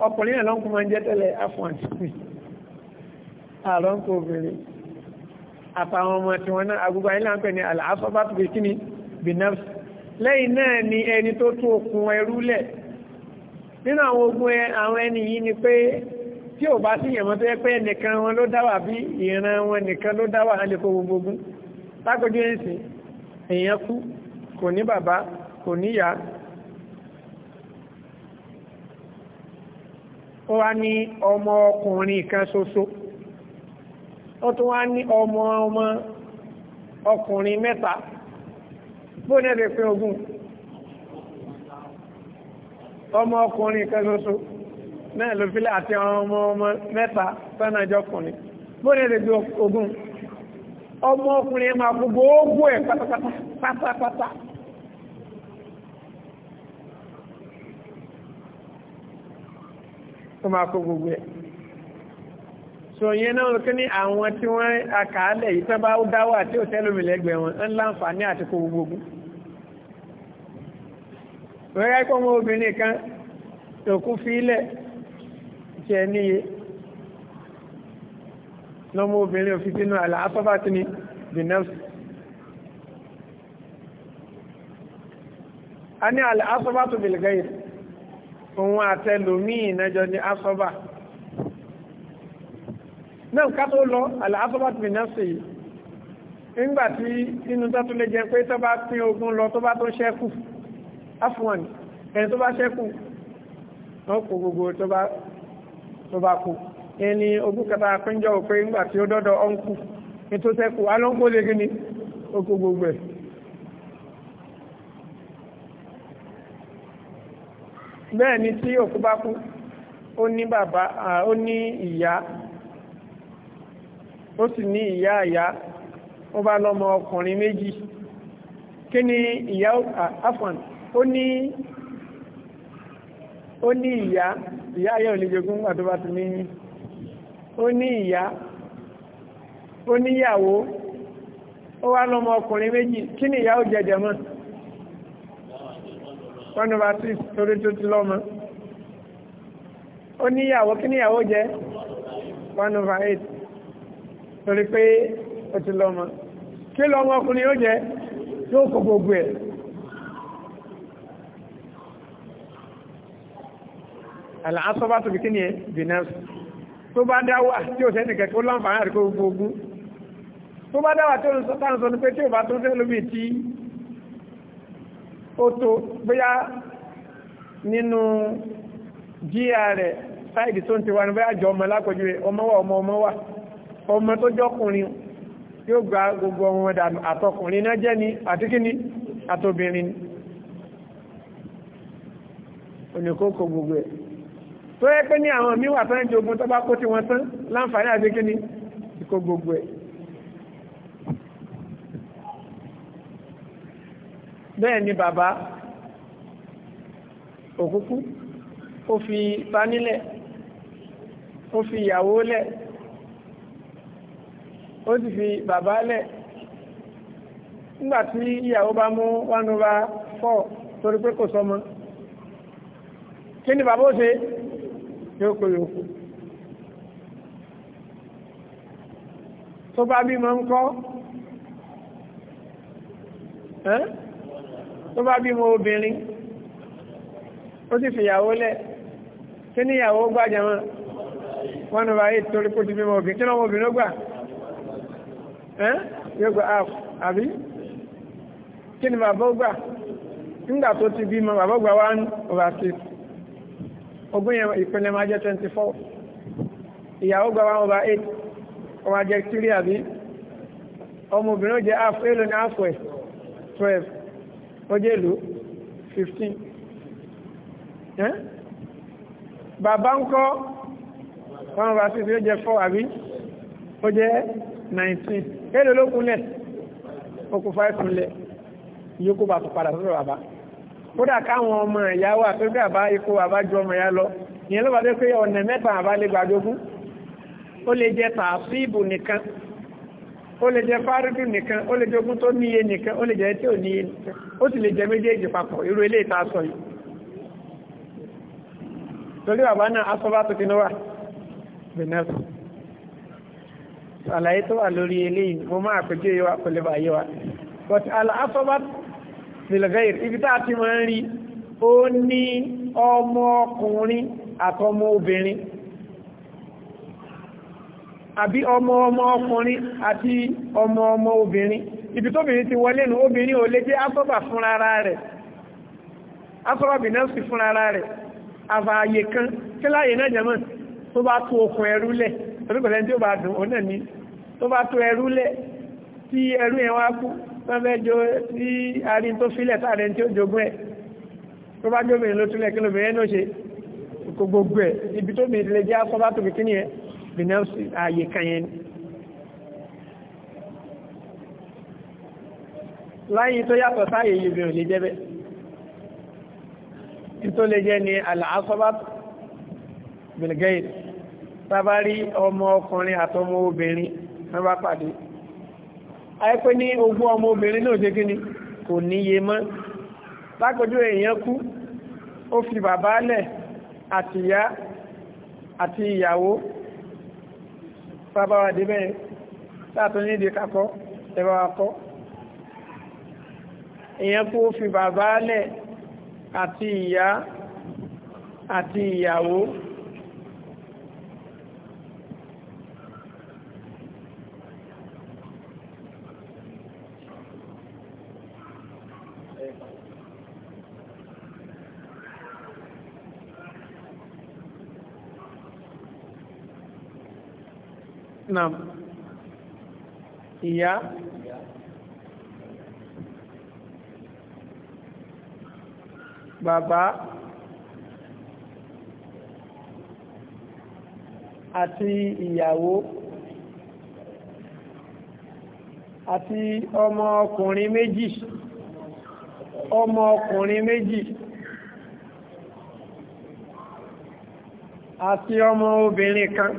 ọkùnrin náà lọ́nkù máa ń jẹ́ tẹ́lẹ̀ afọ́nàtìpì àlọ́nkù obìnrin àtàwọn ọmọ tí wọ́n náà ni àlàáfọ́ bá tó bí kíni bìnafs ni ẹni tó tó nínú àwọn ogun àwọn ẹni yìí ni pé tí ò bá sí ìyẹ̀mọ́ tó yẹ pé ẹnìkan wọn ló dáwà bí ìran wọn nìkan ló dáwà á lè gbogbo ogun lágbójú ẹ̀sìn èèyàn kú kò ní bàbá kò ìyá ó wá ní ọmọ ọkùnrin kan soso ó tún wá ní ọmọ ọmọ ọkùnrin mẹ́ta bóun náà lè ọmọ ọkùnrin kan ṣoṣo náà ló fi láti àwọn ọmọ ọmọ mẹ́ta sánàjọ́ ọkùnrin bó ní èdè ogun ọmọ ọkùnrin máa kú gbogbo ẹ̀ pátápátá ó máa kó gbogbo ẹ̀ so yẹn náà lókè ní àwọn tí wọ́n akàálẹ̀ yìí tán bá dáwà tí ò tẹ́lómi lẹ́gbẹ̀ẹ́ wọn ńlá ní àti gbogbo wẹ́rẹ́ kọ́ mọ́ obìnrin kan tòkú fílẹ̀ jẹ níye lọ́mọ obìnrin òfin sínú àlà afọ́fà tí ni the nerves a ní àlà afọ́fà tó bèèrè gẹ́yìn òun àtẹlòmíì nájọ ní afọ́fà náà ká tó lọ àlà afọ́fà tó bèèrè nerves yìí nígbà tí inú tó tún lè jẹ pé tó bá pín ogún lọ tó bá tó ṣẹ́kù afwan ẹni tó bá ṣẹ́kù wọ́n kó gbogbo tó bá kú ẹni ogún kẹta pínjọ òpé ńgbà tí ó dọ́dọ̀ ọ́nkù ní tó ṣẹ́kù alọ́nkó lè gíní gbogbo ẹ̀ bẹ́ẹ̀ ni tí òkú bá kú ó ní bàbá ó ní ìyá ó sì ní ìyá ìyá ó bá lọ́mọ ọkùnrin méjì kí ni ìyá afwan ó ní ìyá ìyá ayé ò jogún nígbà bá ti ní ó ní ìyá ó ó wá lọ́mọ ọkùnrin one over torí tó ti lọ́mọ ó níyàwó kí níyàwó one over eight torí pé ó ti lọ́mọ kí lọ́mọ ọkùnrin ó jẹ yóò kó gbogbo àlàásọ́bá tó kí ni ẹ bìnẹ́sì tó bá dáwà tí ò sẹ́ni kẹ̀kẹ́ ó láǹfààní àríkò gbogbo ogun tó bá dáwà tó ń sọ táwọn sọ ní pé tí ò bá tó fẹ́ lómi tí ó tó bóyá nínú jíà rẹ̀ sáìdì tó ń ti wá ní bóyá jọ ọmọ lápẹjù ọmọ oníkókò gbogbo ẹ̀ tó yẹ pé ní àwọn míì wà fẹ́ jogun tó bá kó tí wọ́n tán láǹfààní àti kíni ìkó gbogbo ẹ̀ bẹ́ẹ̀ ni bàbá òkúkú ó fi panílẹ̀ ó fi ìyàwó lẹ̀ ó sì fi bàbá lẹ̀ nígbà ìyàwó bá mú one over torí pé kò sọmọ kí ni bàbá ó ṣe yóò kó yòókù tó bá bímọ ń kọ́ tó bá bímọ obìnrin ó ti fìyàwó lẹ̀ kí ni ìyàwó gbàjẹ́ wọn wọn bá yé torí kó ti bímọ obìnrin kí ni ọmọ obìnrin ó gbà yóò gbà áàpù àbí kí ni bàbá ó gbà nígbà tó ti bímọ bàbá ó gbà one over six. Ogun yẹn ìpínlẹ̀ máa jẹ́ 24 ìyàwó gba 1 over 8 ọmọ jẹ́ 3 àbí ọmọ obìnrin ó jẹ́ half èlò ní half west 12 ó jẹ́ èlò 15 bàbá ń kọ́ 1 over 6 ó jẹ́ 4 àbí ó jẹ́ 19 èlò ló kúnlẹ̀ ó kú yóò kó bàtọ̀ padà sọ́dọ̀ bàbá. kódà káwọn ọmọ ìyá wà tó gbà bá ikú àbájú ọmọ ìyá lọ ìyẹn ló bá dé pé ọ̀nà mẹ́ta àbálẹ̀ gbàdógún ó lè jẹ tààfíìbù nìkan ó lè jẹ fárúdù nìkan ó lè tó níye nìkan ó lè jẹ tí ò níye ó sì lè jẹ méjèèjì papọ̀ irú ilé ìta sọ yìí torí bàbá náà wà bìnẹ́sì àlàyé tó wà lórí wa kò lè wa filgair ibi tá ti máa ń rí ó ní ọmọ ọkùnrin àtọmọ obìnrin àbí ọmọ ọmọ ọkùnrin àti ọmọ ọmọ obìnrin ibi tóbìnrin ti wọlé nù obìnrin ò lè jẹ́ asọ́bà fúnra rẹ̀ asọ́bàbì náà sì fúnra rẹ̀ àfààyè kan kí láàyè náà jẹ́mọ̀ tó bá tó okùn ẹrú lẹ̀ tó bá tó ẹrú lẹ̀ tí ẹrú yẹn kú wọ́n fẹ́ jo sí arin tó filẹ̀ sáré tí ó jogún ẹ̀ tó bá jóbìnrin ló túnlẹ̀ kí lóbìnrin náà ṣe kó gbogbo ẹ̀ ibi tó bìnrin lè jẹ́ akọ́bá tó bìkíní ẹ̀ bìnrin sí ààyè kan yẹn ni. láyé tó yàtọ̀ sáàyè yìí bìnrin lè jẹ́ bẹ́ẹ̀ tó lè jẹ́ ni àlàáfọ́bá bìnrin gẹ́yìn tábárí ọmọ ọkùnrin àtọmọ obìnrin wọ́n bá pàdé àìpé ní ogún ọmọ obìnrin náà ṣe kíni kò níye mọ́ lápẹjú èèyàn kú ó fi bàbá lẹ̀ àtìyá àti ìyàwó bàbá wa débẹ̀ sáàtún ní ìdí kakọ́ ẹ̀bá wa kọ́ èèyàn kú ó fi bàbá lẹ̀ àti ìyá àti ìyàwó Nam ìyá bàbá àti ìyàwó àti ọmọ ọkùnrin méjì ọmọ ọkùnrin méjì àti ọmọ obìnrin kan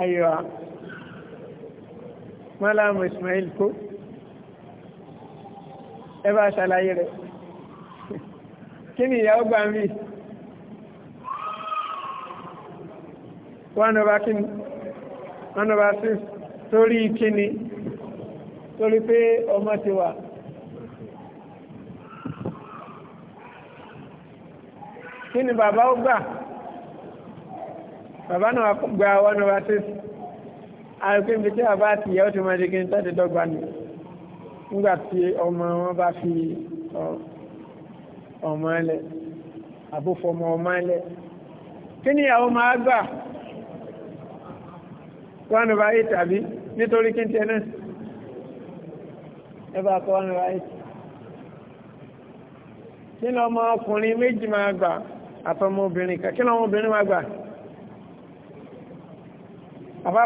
ayọ̀ mọ́láàmù Ismail kó ẹ bá ṣàlàyé rẹ̀ kí ni ìyàwó gbà mí wọ́n ní ọba kí ni one over six torí kíni torí pé ọmọ ti wà. kí ni bàbá ó gbà bàbá náà gba one over six àìpín bí tí bàbá àti ìyá ó ti máa di kí n tẹ́tí dọ́gba nù nígbà tí ọmọ wọn bá fi ọmọ ẹlẹ àbúfọmọ ọmọ ẹlẹ kí ìyàwó máa gbà one over eight àbí nítorí kí n tiẹ̀ náà ẹ bá kọ́ one over eight. kí ni ọmọ ọkùnrin méjì máa gbà àtọmọ obìnrin kan kí ni ọmọ obìnrin máa gbà àbá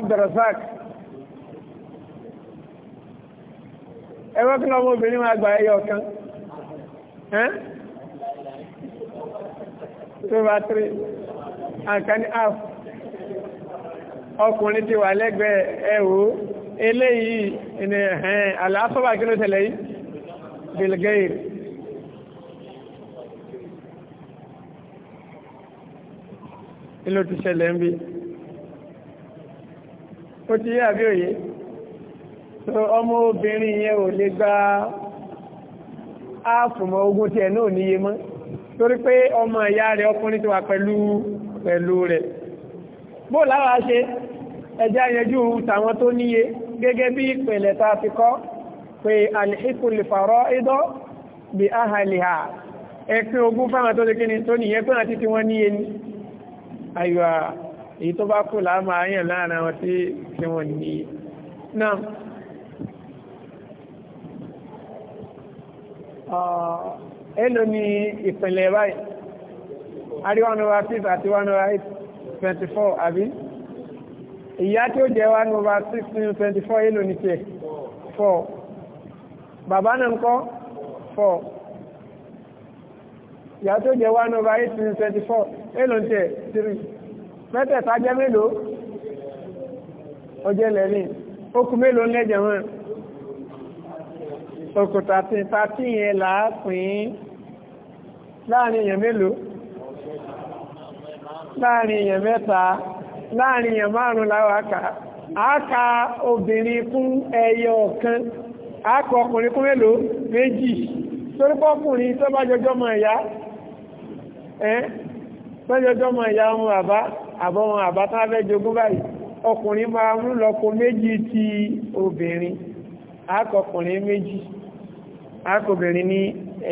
ẹ wọ́n kí ni ọmọ obìnrin máa gbà ẹyọ kan tó bá tiri àǹkan ní ọkùnrin ti wà lẹ́gbẹ̀ẹ́ ẹ̀wò eléyìí ni ẹ̀hẹ́n àlàáfọ́bà kí ló tẹ̀lẹ̀ yìí bilgair ilé ti ṣẹlẹ̀ ń bí ó ti yé àbí òye so ọmọ obìnrin yẹn ò lè gba áàfùmọ̀ ogun tí ẹ̀ náà níye mọ́ torí pé ọmọ ìyá rẹ̀ ọkùnrin ti wà pẹ̀lú rẹ̀ bó lára ṣe ẹjá yẹjú tàwọn tó níye gẹ́gẹ́ bí ìpìlẹ̀ ta fi kọ́ pé àlìkù lè fàrọ́ ìdọ́ bí áhàlìhà ẹ̀pin ogún fáwọn tó lékíní tó níye pé àti tí wọ́n níye ní àyíwá èyí tó bá kù láàmà àwọn tí wọ́n níye ni ìpìlẹ̀ báyìí àríwá 24, four àbí ìyá tí ó jẹ́ one over six nínú twenty four èlò ní tiẹ̀ four bàbá náà ń kọ́ four ìyá tó jẹ́ one over eight nínú twenty four èlò ní tiẹ̀ three mẹ́tẹ̀ẹ̀ta jẹ́ mélòó ọjẹ́ lẹ́ni okù mélòó ń lẹ́jẹ̀ wọn okùn thirteen thirteen yẹn là á pín láàrin èèyàn mélòó láàrin èèyàn mẹ́ta láàrin èèyàn márùn láwọ àkà aka obìnrin kún ẹyọ ọ̀kan àkà ọkùnrin kún mélòó méjì torí pọ́kùnrin tó bá jọjọ́ mọ̀ ẹ̀yà ẹ́ pẹ́jọjọ́ mọ̀ ẹ̀yà ọmọ àbá àbọ̀ ọmọ àbá tá fẹ́ jogún báyìí ọkùnrin máa mú lọ́kọ méjì ti obìnrin àkà ọkùnrin méjì àkà obìnrin ní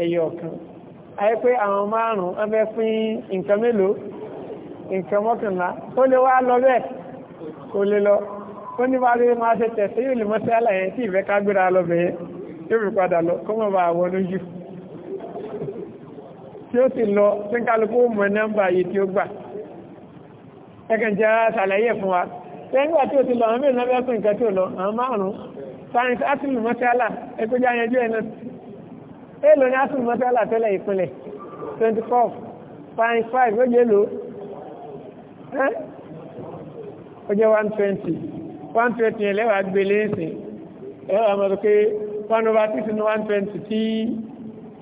ẹyọ ọ̀kan àyẹ́ àwọn márùn-ún wọ́n fẹ́ nǹkan mélòó nǹkan mọ́kànlá ó lè wá lọ bẹ́ẹ̀ kò lè lọ ó ní bá rí máa ṣe tẹ̀sí yóò lè mọ́sí àlàyé tí ìfẹ́ ká gbéra lọ bẹ̀yẹ yóò fi padà lọ kó mọ̀ bá àwọn ojú tí ó lọ tí kálukú mọ̀ nọ́mbà yìí tí ó gbà jẹ́ ṣàlàyé fún wa tí ó ti lọ àwọn mẹ́rin tí ó lọ ó jẹ́ one twenty one twenty yẹn lẹ́wàá gbélé ẹ̀sìn ẹ̀rọ àmọ́ pé one over six ní one twenty tí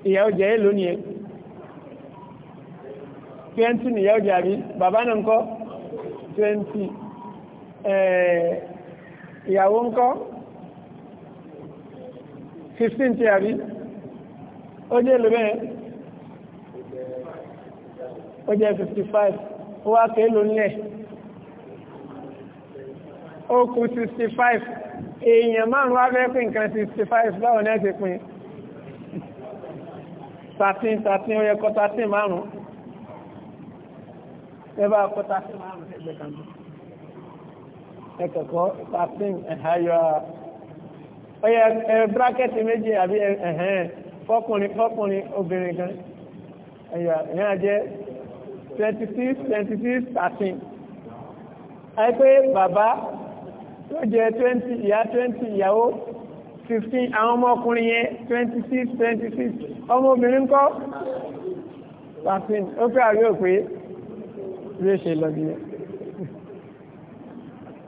ìyàwó jẹ́ èlò nìyẹn twenty ní ìyàwó jẹ́ àbí bàbá náà ńkọ́ twenty ìyàwó ńkọ́ fifteen tí àbí ó jẹ́ èlò ó jẹ́ fifty ó wá pé ló nílẹ̀ 65 èèyàn márùn-ún wá fẹ́ pín nǹkan 65 báwo náà ti pín 13 13 ó yẹ kọ́ 13 márùn-ún ẹ bá kọ́ 13 márùn-ún ẹgbẹ́ kan ẹ kẹ́kọ̀ọ́ 13 ẹ̀há yọ ọ yẹ ẹ bírákẹ́tì méjì àbí ẹ̀hẹ́n fọ́kùnrin fọ́kùnrin obìnrin kan ẹ̀yà ìyá jẹ́ 26 26 13 ẹ pé bàbá tó jẹ 20 ìyá 20 ìyàwó 15 àwọn ọmọkùnrin yẹn 26 26 ọmọbìnrin kọ́ 13 ó fẹ́ àrí òpé bí ó ṣe lọ bí i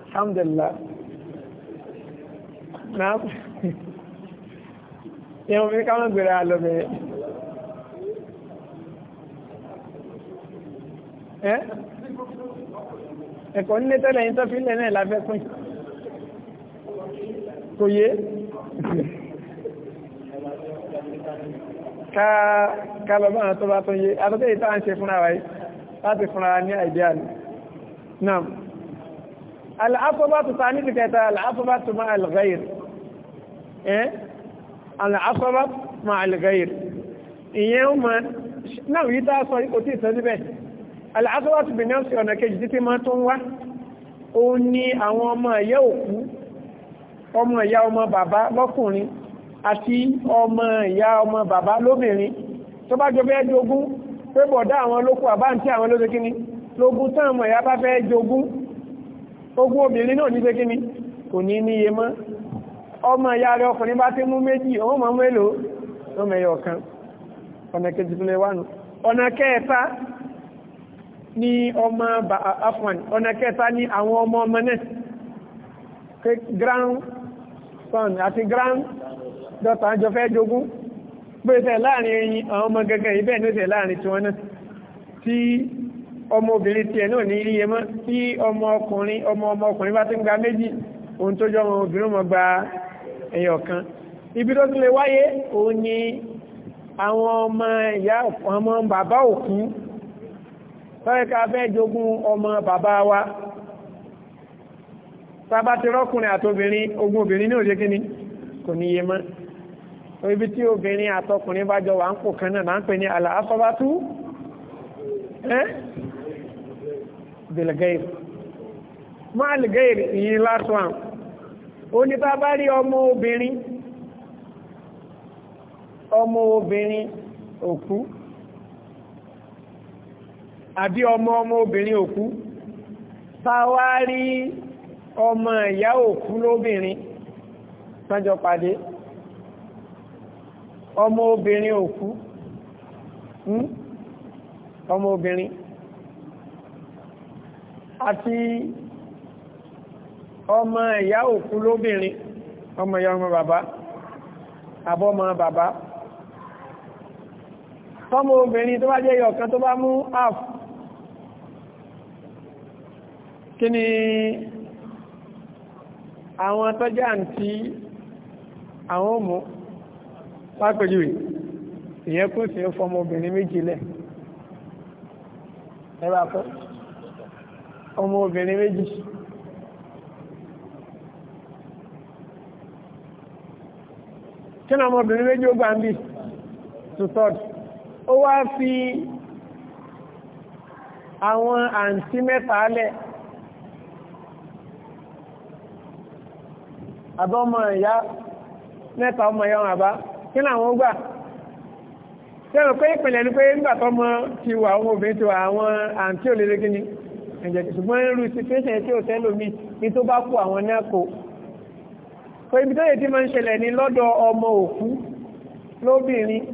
alhamdulillah náà ìwọ̀n mi ká mọ́ gbèrè àlọ́bẹ̀ẹ́ ẹ́ ẹ̀kọ́ nílé tẹ́lẹ̀ yìí tó fi lẹ́ náà láfẹ́ pín kò yé ká bàbá àwọn tó bá tó yé àtọ́tẹ́ ìta ń ṣe fúnra wáyé láti fúnra ní àìdíà náà العصبة تعني كتا العصبة مع الغير ايه العصبة مع الغير يوما náà yí dáa sọ ikò tí ìtẹ́lú bẹ́ẹ̀ aláàtọ́wàtí bìnẹ́ọ̀sì ọ̀nà kejì títí máa tó ń wá ó ní àwọn ọmọ ẹ̀yà òkú ọmọ ẹ̀yà ọmọ bàbá lọ́kùnrin àti ọmọ ẹ̀yà ọmọ bàbá lóbìnrin tó bá jọ bẹ́ẹ̀ jogún pé bọ̀dá àwọn lókù àbáǹtí àwọn ló ṣe kíní lógún tán ọmọ ẹ̀yà bá fẹ́ jogún ogún obìnrin náà ní ṣe kíní kò ní níye mọ́ ọmọ ẹ̀yà rẹ ọkùnrin bá ti mú méjì òun mọ̀ mélòó ọmọ ẹ̀yà ọ̀kan ọ̀nà kẹta ní ọmọ afwan ọ̀nà kẹta ní àwọn ọmọ ọmọ náà grand son àti grand daughter àjọ fẹ́ jogún pèsè láàrin àwọn ọmọ gẹ́gẹ́ ibẹ̀ ní òṣè láàrin tí wọ́n náà tí ọmọ obìnrin tiẹ̀ náà ní iye mọ́ tí ọmọ ọkùnrin ọmọ ọmọ ọkùnrin bá ti ń gba méjì ohun tó jọ obìnrin mọ́ gba ẹyọ kan ibi tó tún lè wáyé òun ni àwọn ọmọ ìyá ọmọ bàbá òkú tọ́yẹ́ká fẹ́ jogún ọmọ bàbá wa sábà ti rọ́kùnrin àtobìnrin ogún obìnrin ní òjé kíní kò ní yé mọ́ ibi tí obìnrin àtọkùnrin bá jọ wà ń pò kan náà ń pè ní àlà asọ́bátú bilgair máa lgair yìí òkú àbí ọmọ ọmọ obìnrin òkú sáwárí ọmọ ìyá òkú lóbìnrin sájọ pàdé ọmọ obìnrin òkú hm? ọmọ obìnrin àti ọmọ ìyá òkú lóbìnrin ọmọ ìyá ọmọ bàbá àbọ́mọ bàbá ọmọ obìnrin tó bá jẹ́ ìyọ̀kan tó bá mú áàfù kí ni àwọn tọ́jà ń tí àwọn òmù pápẹ̀júwì ìyẹn kún sí fọmọ obìnrin méjì lẹ̀ ẹ̀rọ àpọ́ ọmọ obìnrin méjì kí ni ọmọ obìnrin méjì ó gbà ń bì to ó wá fi àwọn àǹtí mẹ́ta lẹ̀ àbá ọmọ ìyá mẹ́ta ọmọ ìyá wọn àbá kí làwọn gbà sẹ́wọ̀n pé ìpìlẹ̀ ni pé nígbà tó mọ ti wà àwọn obìnrin ti wà àwọn àǹtí òlélé kí ni ẹ̀jẹ̀ ṣùgbọ́n irú situation tí ò tẹ́lò mi ní tó bá kú àwọn náà kò kò ibi tó yẹ ti máa ń ṣẹlẹ̀ ní lọ́dọ̀ ọmọ òkú lóbìnrin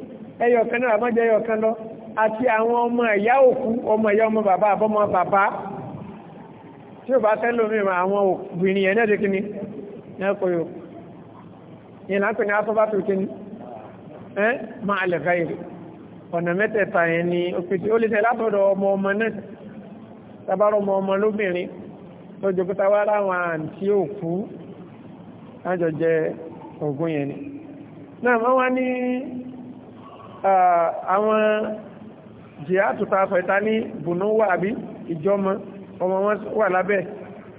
ẹyọkan náà àmọ́jẹ́ ya koyo yana pe ni asabatu kini eh ma al ghair ọ̀nà mẹ́tẹ̀ẹ̀ta yẹn ni òfìtì ó lè tẹ̀ látọ̀dọ̀ ọmọ ọmọ náà tabarọ ọmọ ọmọ lóbìnrin tó jòkúta wá láwọn àǹtí òkú lájọ jẹ ògùn yẹn ni náà wọ́n wá ní àwọn jìyà tuta fẹ̀ta ní bùnú wà bí ìjọmọ ọmọ wọn wà lábẹ́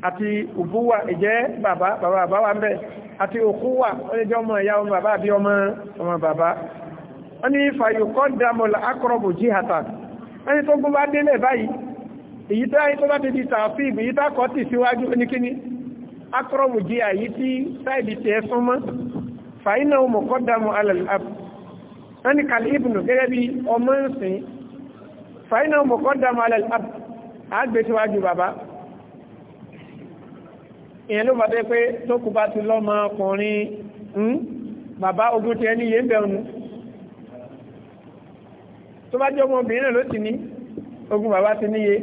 àti òbúwà ìjẹ́ bàbá bàbá bàbá wà ń bẹ̀ àti òkúwà ó lè jẹ́ ọmọ ìyá ọmọ bàbá àbí ọmọ ọmọ bàbá wọ́n ní fàyòkọ́ dámọ̀lá akọrọ̀bù jí hàtà wọ́n ní tó gbọ́ bá délẹ̀ báyìí èyí tó ayé tó bá ti di tààfíìbì èyí tó akọ́ tì síwájú ìyẹn ló mọ̀tẹ́ pé tó kù bá ti lọ́mọ ọkùnrin hmm? bàbá ogún ti ẹni yẹn bẹ̀rù tó bá jẹ́ ọmọbìnrin ló ti ní ogún bàbá ti níye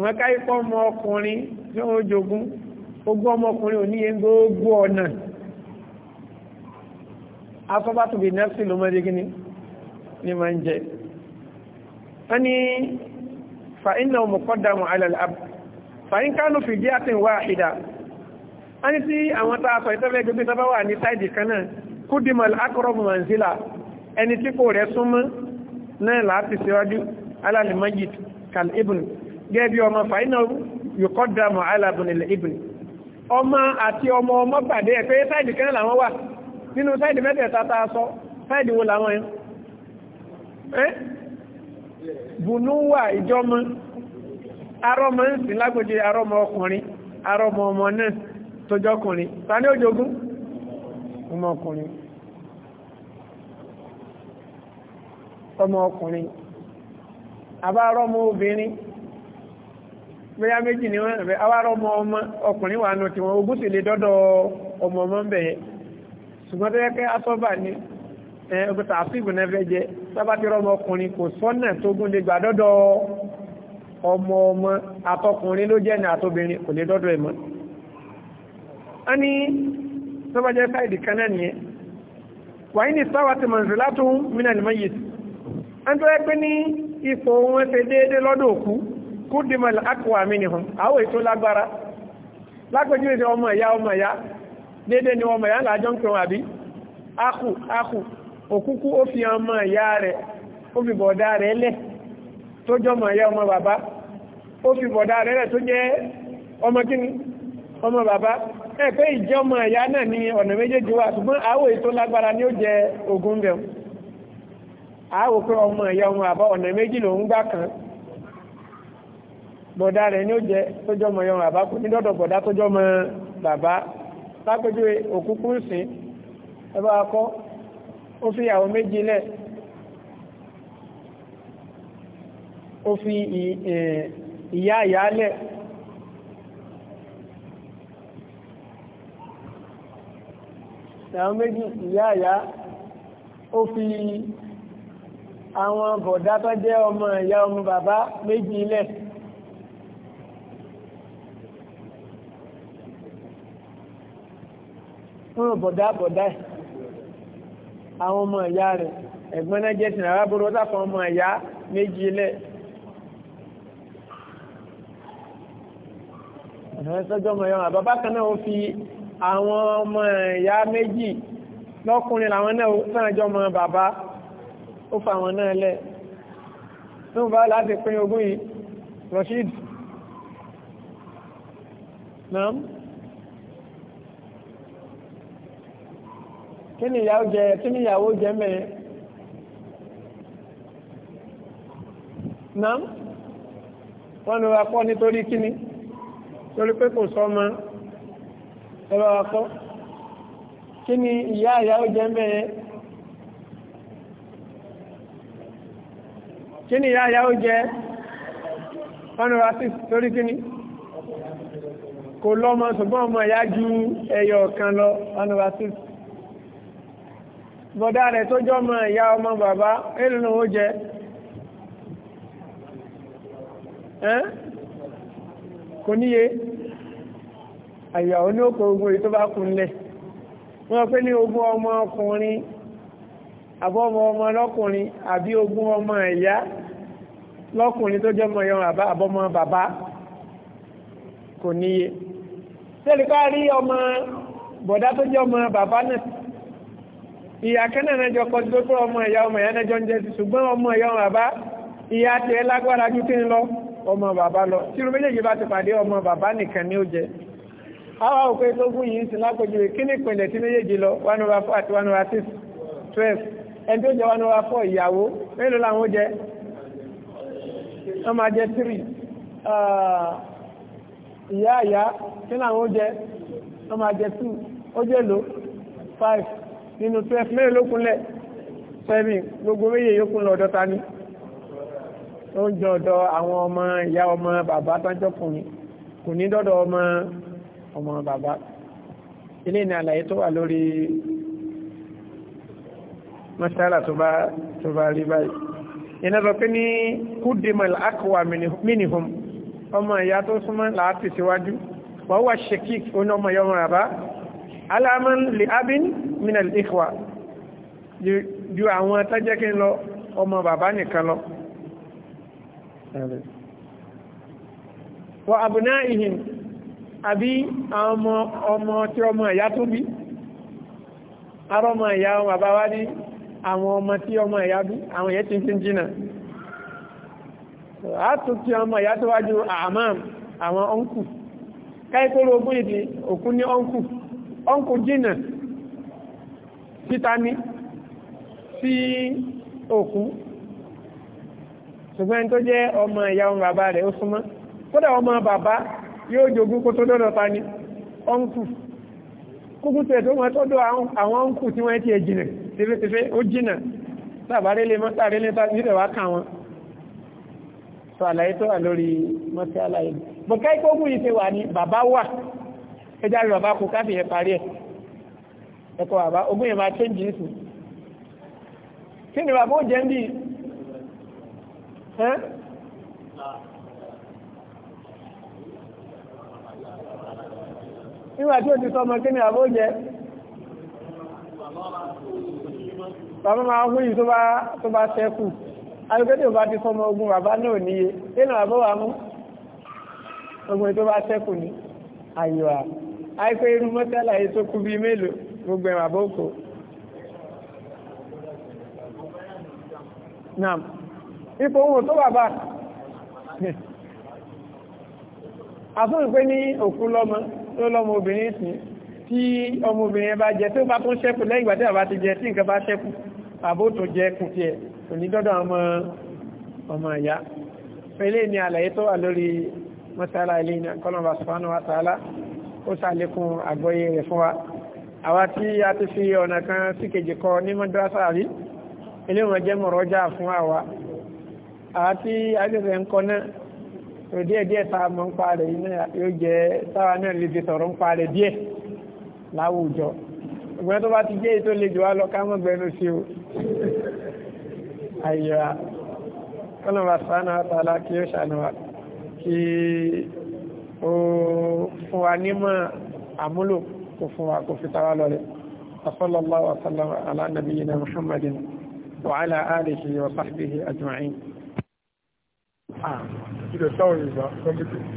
wọ́n ká ikọ́ ọmọ ọkùnrin tí ó jogún ogún ọmọkùnrin ò níye gbogbo ọ̀nà afọ́bátòbí nẹ́fì ló mọ́dé gíní ní máa ń jẹ́ fa inna mọ̀kọ́dàmù alàlá fa in kánú fìdí àtìwá ìdá a ní tí àwọn tá a sọ ìtọ́fẹ́ gbogbo tó bá wà ní táìdì kan náà kú dìmọ̀lì akọrọ̀bù manzila ẹni tí kò rẹ̀ súnmọ́ náà láti síwájú alálìmájid kal ibn gẹ́bí ọmọ fàínà yòkọ́ dàmọ̀ alàbùnilẹ̀ ibn ọmọ àti ọmọ ọmọ pàdé ẹ̀ pé táìdì kan làwọn wà nínú táìdì mẹ́tẹ̀ẹ̀ta tá a sọ táìdì wo làwọn yẹn tọjọ́kùnrin ta ní òjògún ọmọkùnrin ọmọkùnrin àbárọ́mọ obìnrin bóyá méjì ni wọ́n rẹ̀ àwárọ́mọ ọmọ ọkùnrin wà nù tí wọ́n ogún sì lè dọ́dọ̀ ọmọ ọmọ ń bẹ̀yẹ ṣùgbọ́n tó yẹ kẹ́ asọ́bà ni ọgbẹ̀ta àfíìbù náà fẹ́ jẹ sábàtìrọ ọmọkùnrin kò sọ́nà tó gún lè gbà dọ́dọ̀ ọmọ ọmọ àtọkùnrin ló jẹ́ ní àtobìnrin kò lè dọ́dọ̀ ẹ̀mọ́ a ní sọ́bàjẹ́ sáìdì kanáà nìyẹn wà ní sáwà ti mọ̀rìn látò mínà lè mọ́yì a ń tó ẹgbẹ́ ní ipò wọn ṣe déédé lọ́dọ̀ òkú kú dìmọ̀ àkùwà mi nìhun àwọ̀ ètò lágbára lápẹjúwe ni ọmọ ìyá làájọ́ ń pè wọn àbí akù akù òkúkú ó fi ọmọ ìyá rẹ̀ ó fi bọ̀dá rẹ̀ lẹ̀ tó jọmọ ìyá ọmọ ọmọ bàbá ẹ̀pẹ́ ìjọmọ̀ ẹ̀yà náà ni ọ̀nà méjèèjì wà ṣùgbọ́n àwọ̀ ètò lágbára ni ó jẹ ogún bẹ̀ àwọ̀ pé ọmọ ẹ̀yà ọmọ àbọ̀ ọ̀nà méjì lòún gbà kan bọ̀dá rẹ̀ ni ó jẹ tójọmọ̀ ẹ̀yà ọmọ àbá kú ní dọ́dọ̀ bọ̀dá tójọmọ̀ bàbá lápẹjọ òkúkú sìn ẹ bá ó fi ìyàwó méjì lẹ̀ ó fi ìyá ìyá lẹ̀ làwọn méjì ìyá ìyá ó fi àwọn bọ̀dá tó jẹ́ ọmọ ìyá ọmọ bàbá méjì ilẹ̀ fún bọ̀dá bọ̀dá àwọn ọmọ ìyá rẹ̀ ẹ̀gbọ́n náà jẹ́ sìn arábúrú ọ́tàkùn ọmọ ìyá méjì ilẹ̀ ọ̀sán sọ́jọ́ ọmọ àwọn ọmọ ìyá méjì lọ́kùnrin làwọn náà sánàjọ́ ọmọ bàbá ó fà wọn náà lẹ̀ tó bá láti pín ogún yìí Rashid naam kí ni ìyàwó jẹ kí ni ìyàwó jẹ mẹ́rin naam wọ́n lọ apọ́ nítorí kíni torí pé kò sọ ẹ̀rọ ọkọ́ kí ni ìyá ìyàwó jẹ́ ń bẹ̀rẹ̀ kí ni ìyá ìyàwó jẹ́ honoratives lórí kí ni kò lọ́mọ ṣùgbọ́n ọmọ ìyá ju ẹyọ kan lọ honoratives bọ̀dá rẹ̀ tó jọ́ ọmọ ìyá ọmọ bàbá èlò náà ó jẹ́ kò níye àyàwó ní òkè ogun èyí tó bá kúnlẹ̀ wọ́n pé ní ogún ọmọ ọkùnrin àbọ́mọ ọmọ lọ́kùnrin àbí ogún ọmọ ẹ̀yà lọ́kùnrin tó jẹ́ mọ̀ yọrùn àbọ́mọ bàbá kò níye tẹ́lẹ̀ká rí ọmọ bọ̀dá tó jẹ́ ọmọ bàbá náà ìyá kẹ́nà náà jọ kọjú pé ọmọ ìyá ọmọ ìyá nẹjọ ń jẹ sí ṣùgbọ́n ọmọ ìyá ọmọ bàbá ìyá tẹ lágbára ju kí ń lọ ọmọ bàbá lọ tí irú méjèèjì bá ti pàdé ọmọ bàbá nìkan ní ó jẹ àwọn òpé tó gún yìí sí lápòjúwe kí ní ìpìnlẹ̀ tí méjèèjì lọ 1 over 4 àti 1 over 6 12 ẹni tó jẹ 1 over 4 ìyàwó mélòó làwọn jẹ wọ́n máa jẹ 3 ìyá ìyá kí làwọn jẹ wọ́n máa jẹ 2 ó jẹ́ lò 5 nínú 12 mélòó ló kúnlẹ̀ 7 gbogbo méjèèjì yóò kún lọ ọ̀dọ̀ ta ni ó ń jọ ọ̀dọ̀ àwọn ọmọ ìyá ọmọ bàbá tánjọ́kùnrin kò ní dọ́dọ̀ ọmọ ọmọ bàbá ilé ní àlàyé tó wà lórí mọ́sálà tó bá rí báyìí iná sọ pé ní kúdìmọ̀lá akọwà mínihùn ọmọ ìyá tó súnmọ́ láti síwájú wọ́n wà shekik oní ọmọ ìyá ọmọ bàbá aláàmọ́ lè abin mínà ìkwà ju àwọn tọ́jẹ́ kí n lọ ọmọ bàbá nìkan lọ wọ́n àbùná ìhìn àbí àwọn ọmọ tí ọmọ ìyá tó bí ara ọmọ ìyá wọn bàbá wá ní àwọn ọmọ tí ọmọ ìyá bí àwọn ìyẹ́ tí ń jìnà àtún tí ọmọ ìyá tó wájú àmàm àwọn ọ́nkù káìkóró ogún ìdí òkú ní ọ́nkù ọ́nkù jìnà síta sí òkú ṣùgbọ́n tó jẹ́ ọmọ ìyá bàbá rẹ̀ ó súnmọ́ kódà ọmọ bàbá yóò jogún kó tó dọ́dọ̀ ta ni ọ́nkù kúkú tẹ̀ tó máa tọ́dọ̀ àwọn ọ́nkù tí wọ́n ti ẹ̀ jìnà tẹ́fẹ́tẹ́fẹ́ ó jìnà tàbárélé mọ́tàrélé nílẹ̀ wá kà wọn sọ àlàyé tó wà lórí mọ́tí àlàyé bọ̀ká ìkógún yìí ti wà ní bàbá wà ẹjá ni bàbá ó jẹ́ nígbà tí ó ti sọmọ kí ni àbó jẹ bàbá máa hún yìí tó bá ṣẹ́kù alùpẹ́tì ò bá ti sọmọ ogun bàbá náà níye nínú àbó wa mú ogun tó bá ṣẹ́kù ní àyíwá àìpẹ́ irú mọ́tẹ́lá yìí tó kú bíi mélòó gbogbo ẹ̀wà bókò Naam. Ipò ohun tó bàbá. <laughs> Àfún ìpé ní òkú lọ́mọ tó lọ́mọ obìnrin sí tí ọmọ obìnrin bá jẹ tó bá tó ṣẹ́kù lẹ́yìn ìgbà tí àbá ti jẹ tí nǹkan bá ṣẹ́kù àbó tó jẹ kù tiẹ̀ kò ní dọ́dọ̀ ọmọ ọmọ ìyá pẹ̀lẹ́ ni àlàyé tó wà lórí mọ́sálà ilé ní kọ́lọ̀mbà sọ̀fánà wa tààlà ó sàlékún àgbọ́yé rẹ̀ fún wa àwa tí a ti agbègbè ń kọ náà tó díẹ̀ díẹ̀ tá a mọ̀ ń parẹ̀ iná yóò jẹ́ táwa náà lè fi sọ̀rọ̀ ń parẹ̀ díẹ̀ láwùjọ ṣùgbọ́n tó bá ti jẹ́ ètò lè jù wá lọ ká mọ̀ gbẹnu sí o àyíra kọ́nà sánà àtàlà kí ó ṣàníwá kí ó fún wa nímọ̀ àmúlò kò fún wa kò fi tara lọ rẹ̀ وصلى الله وسلم على نبينا محمد وعلى آله وصحبه أجمعين Ah, you don't tell me about somebody.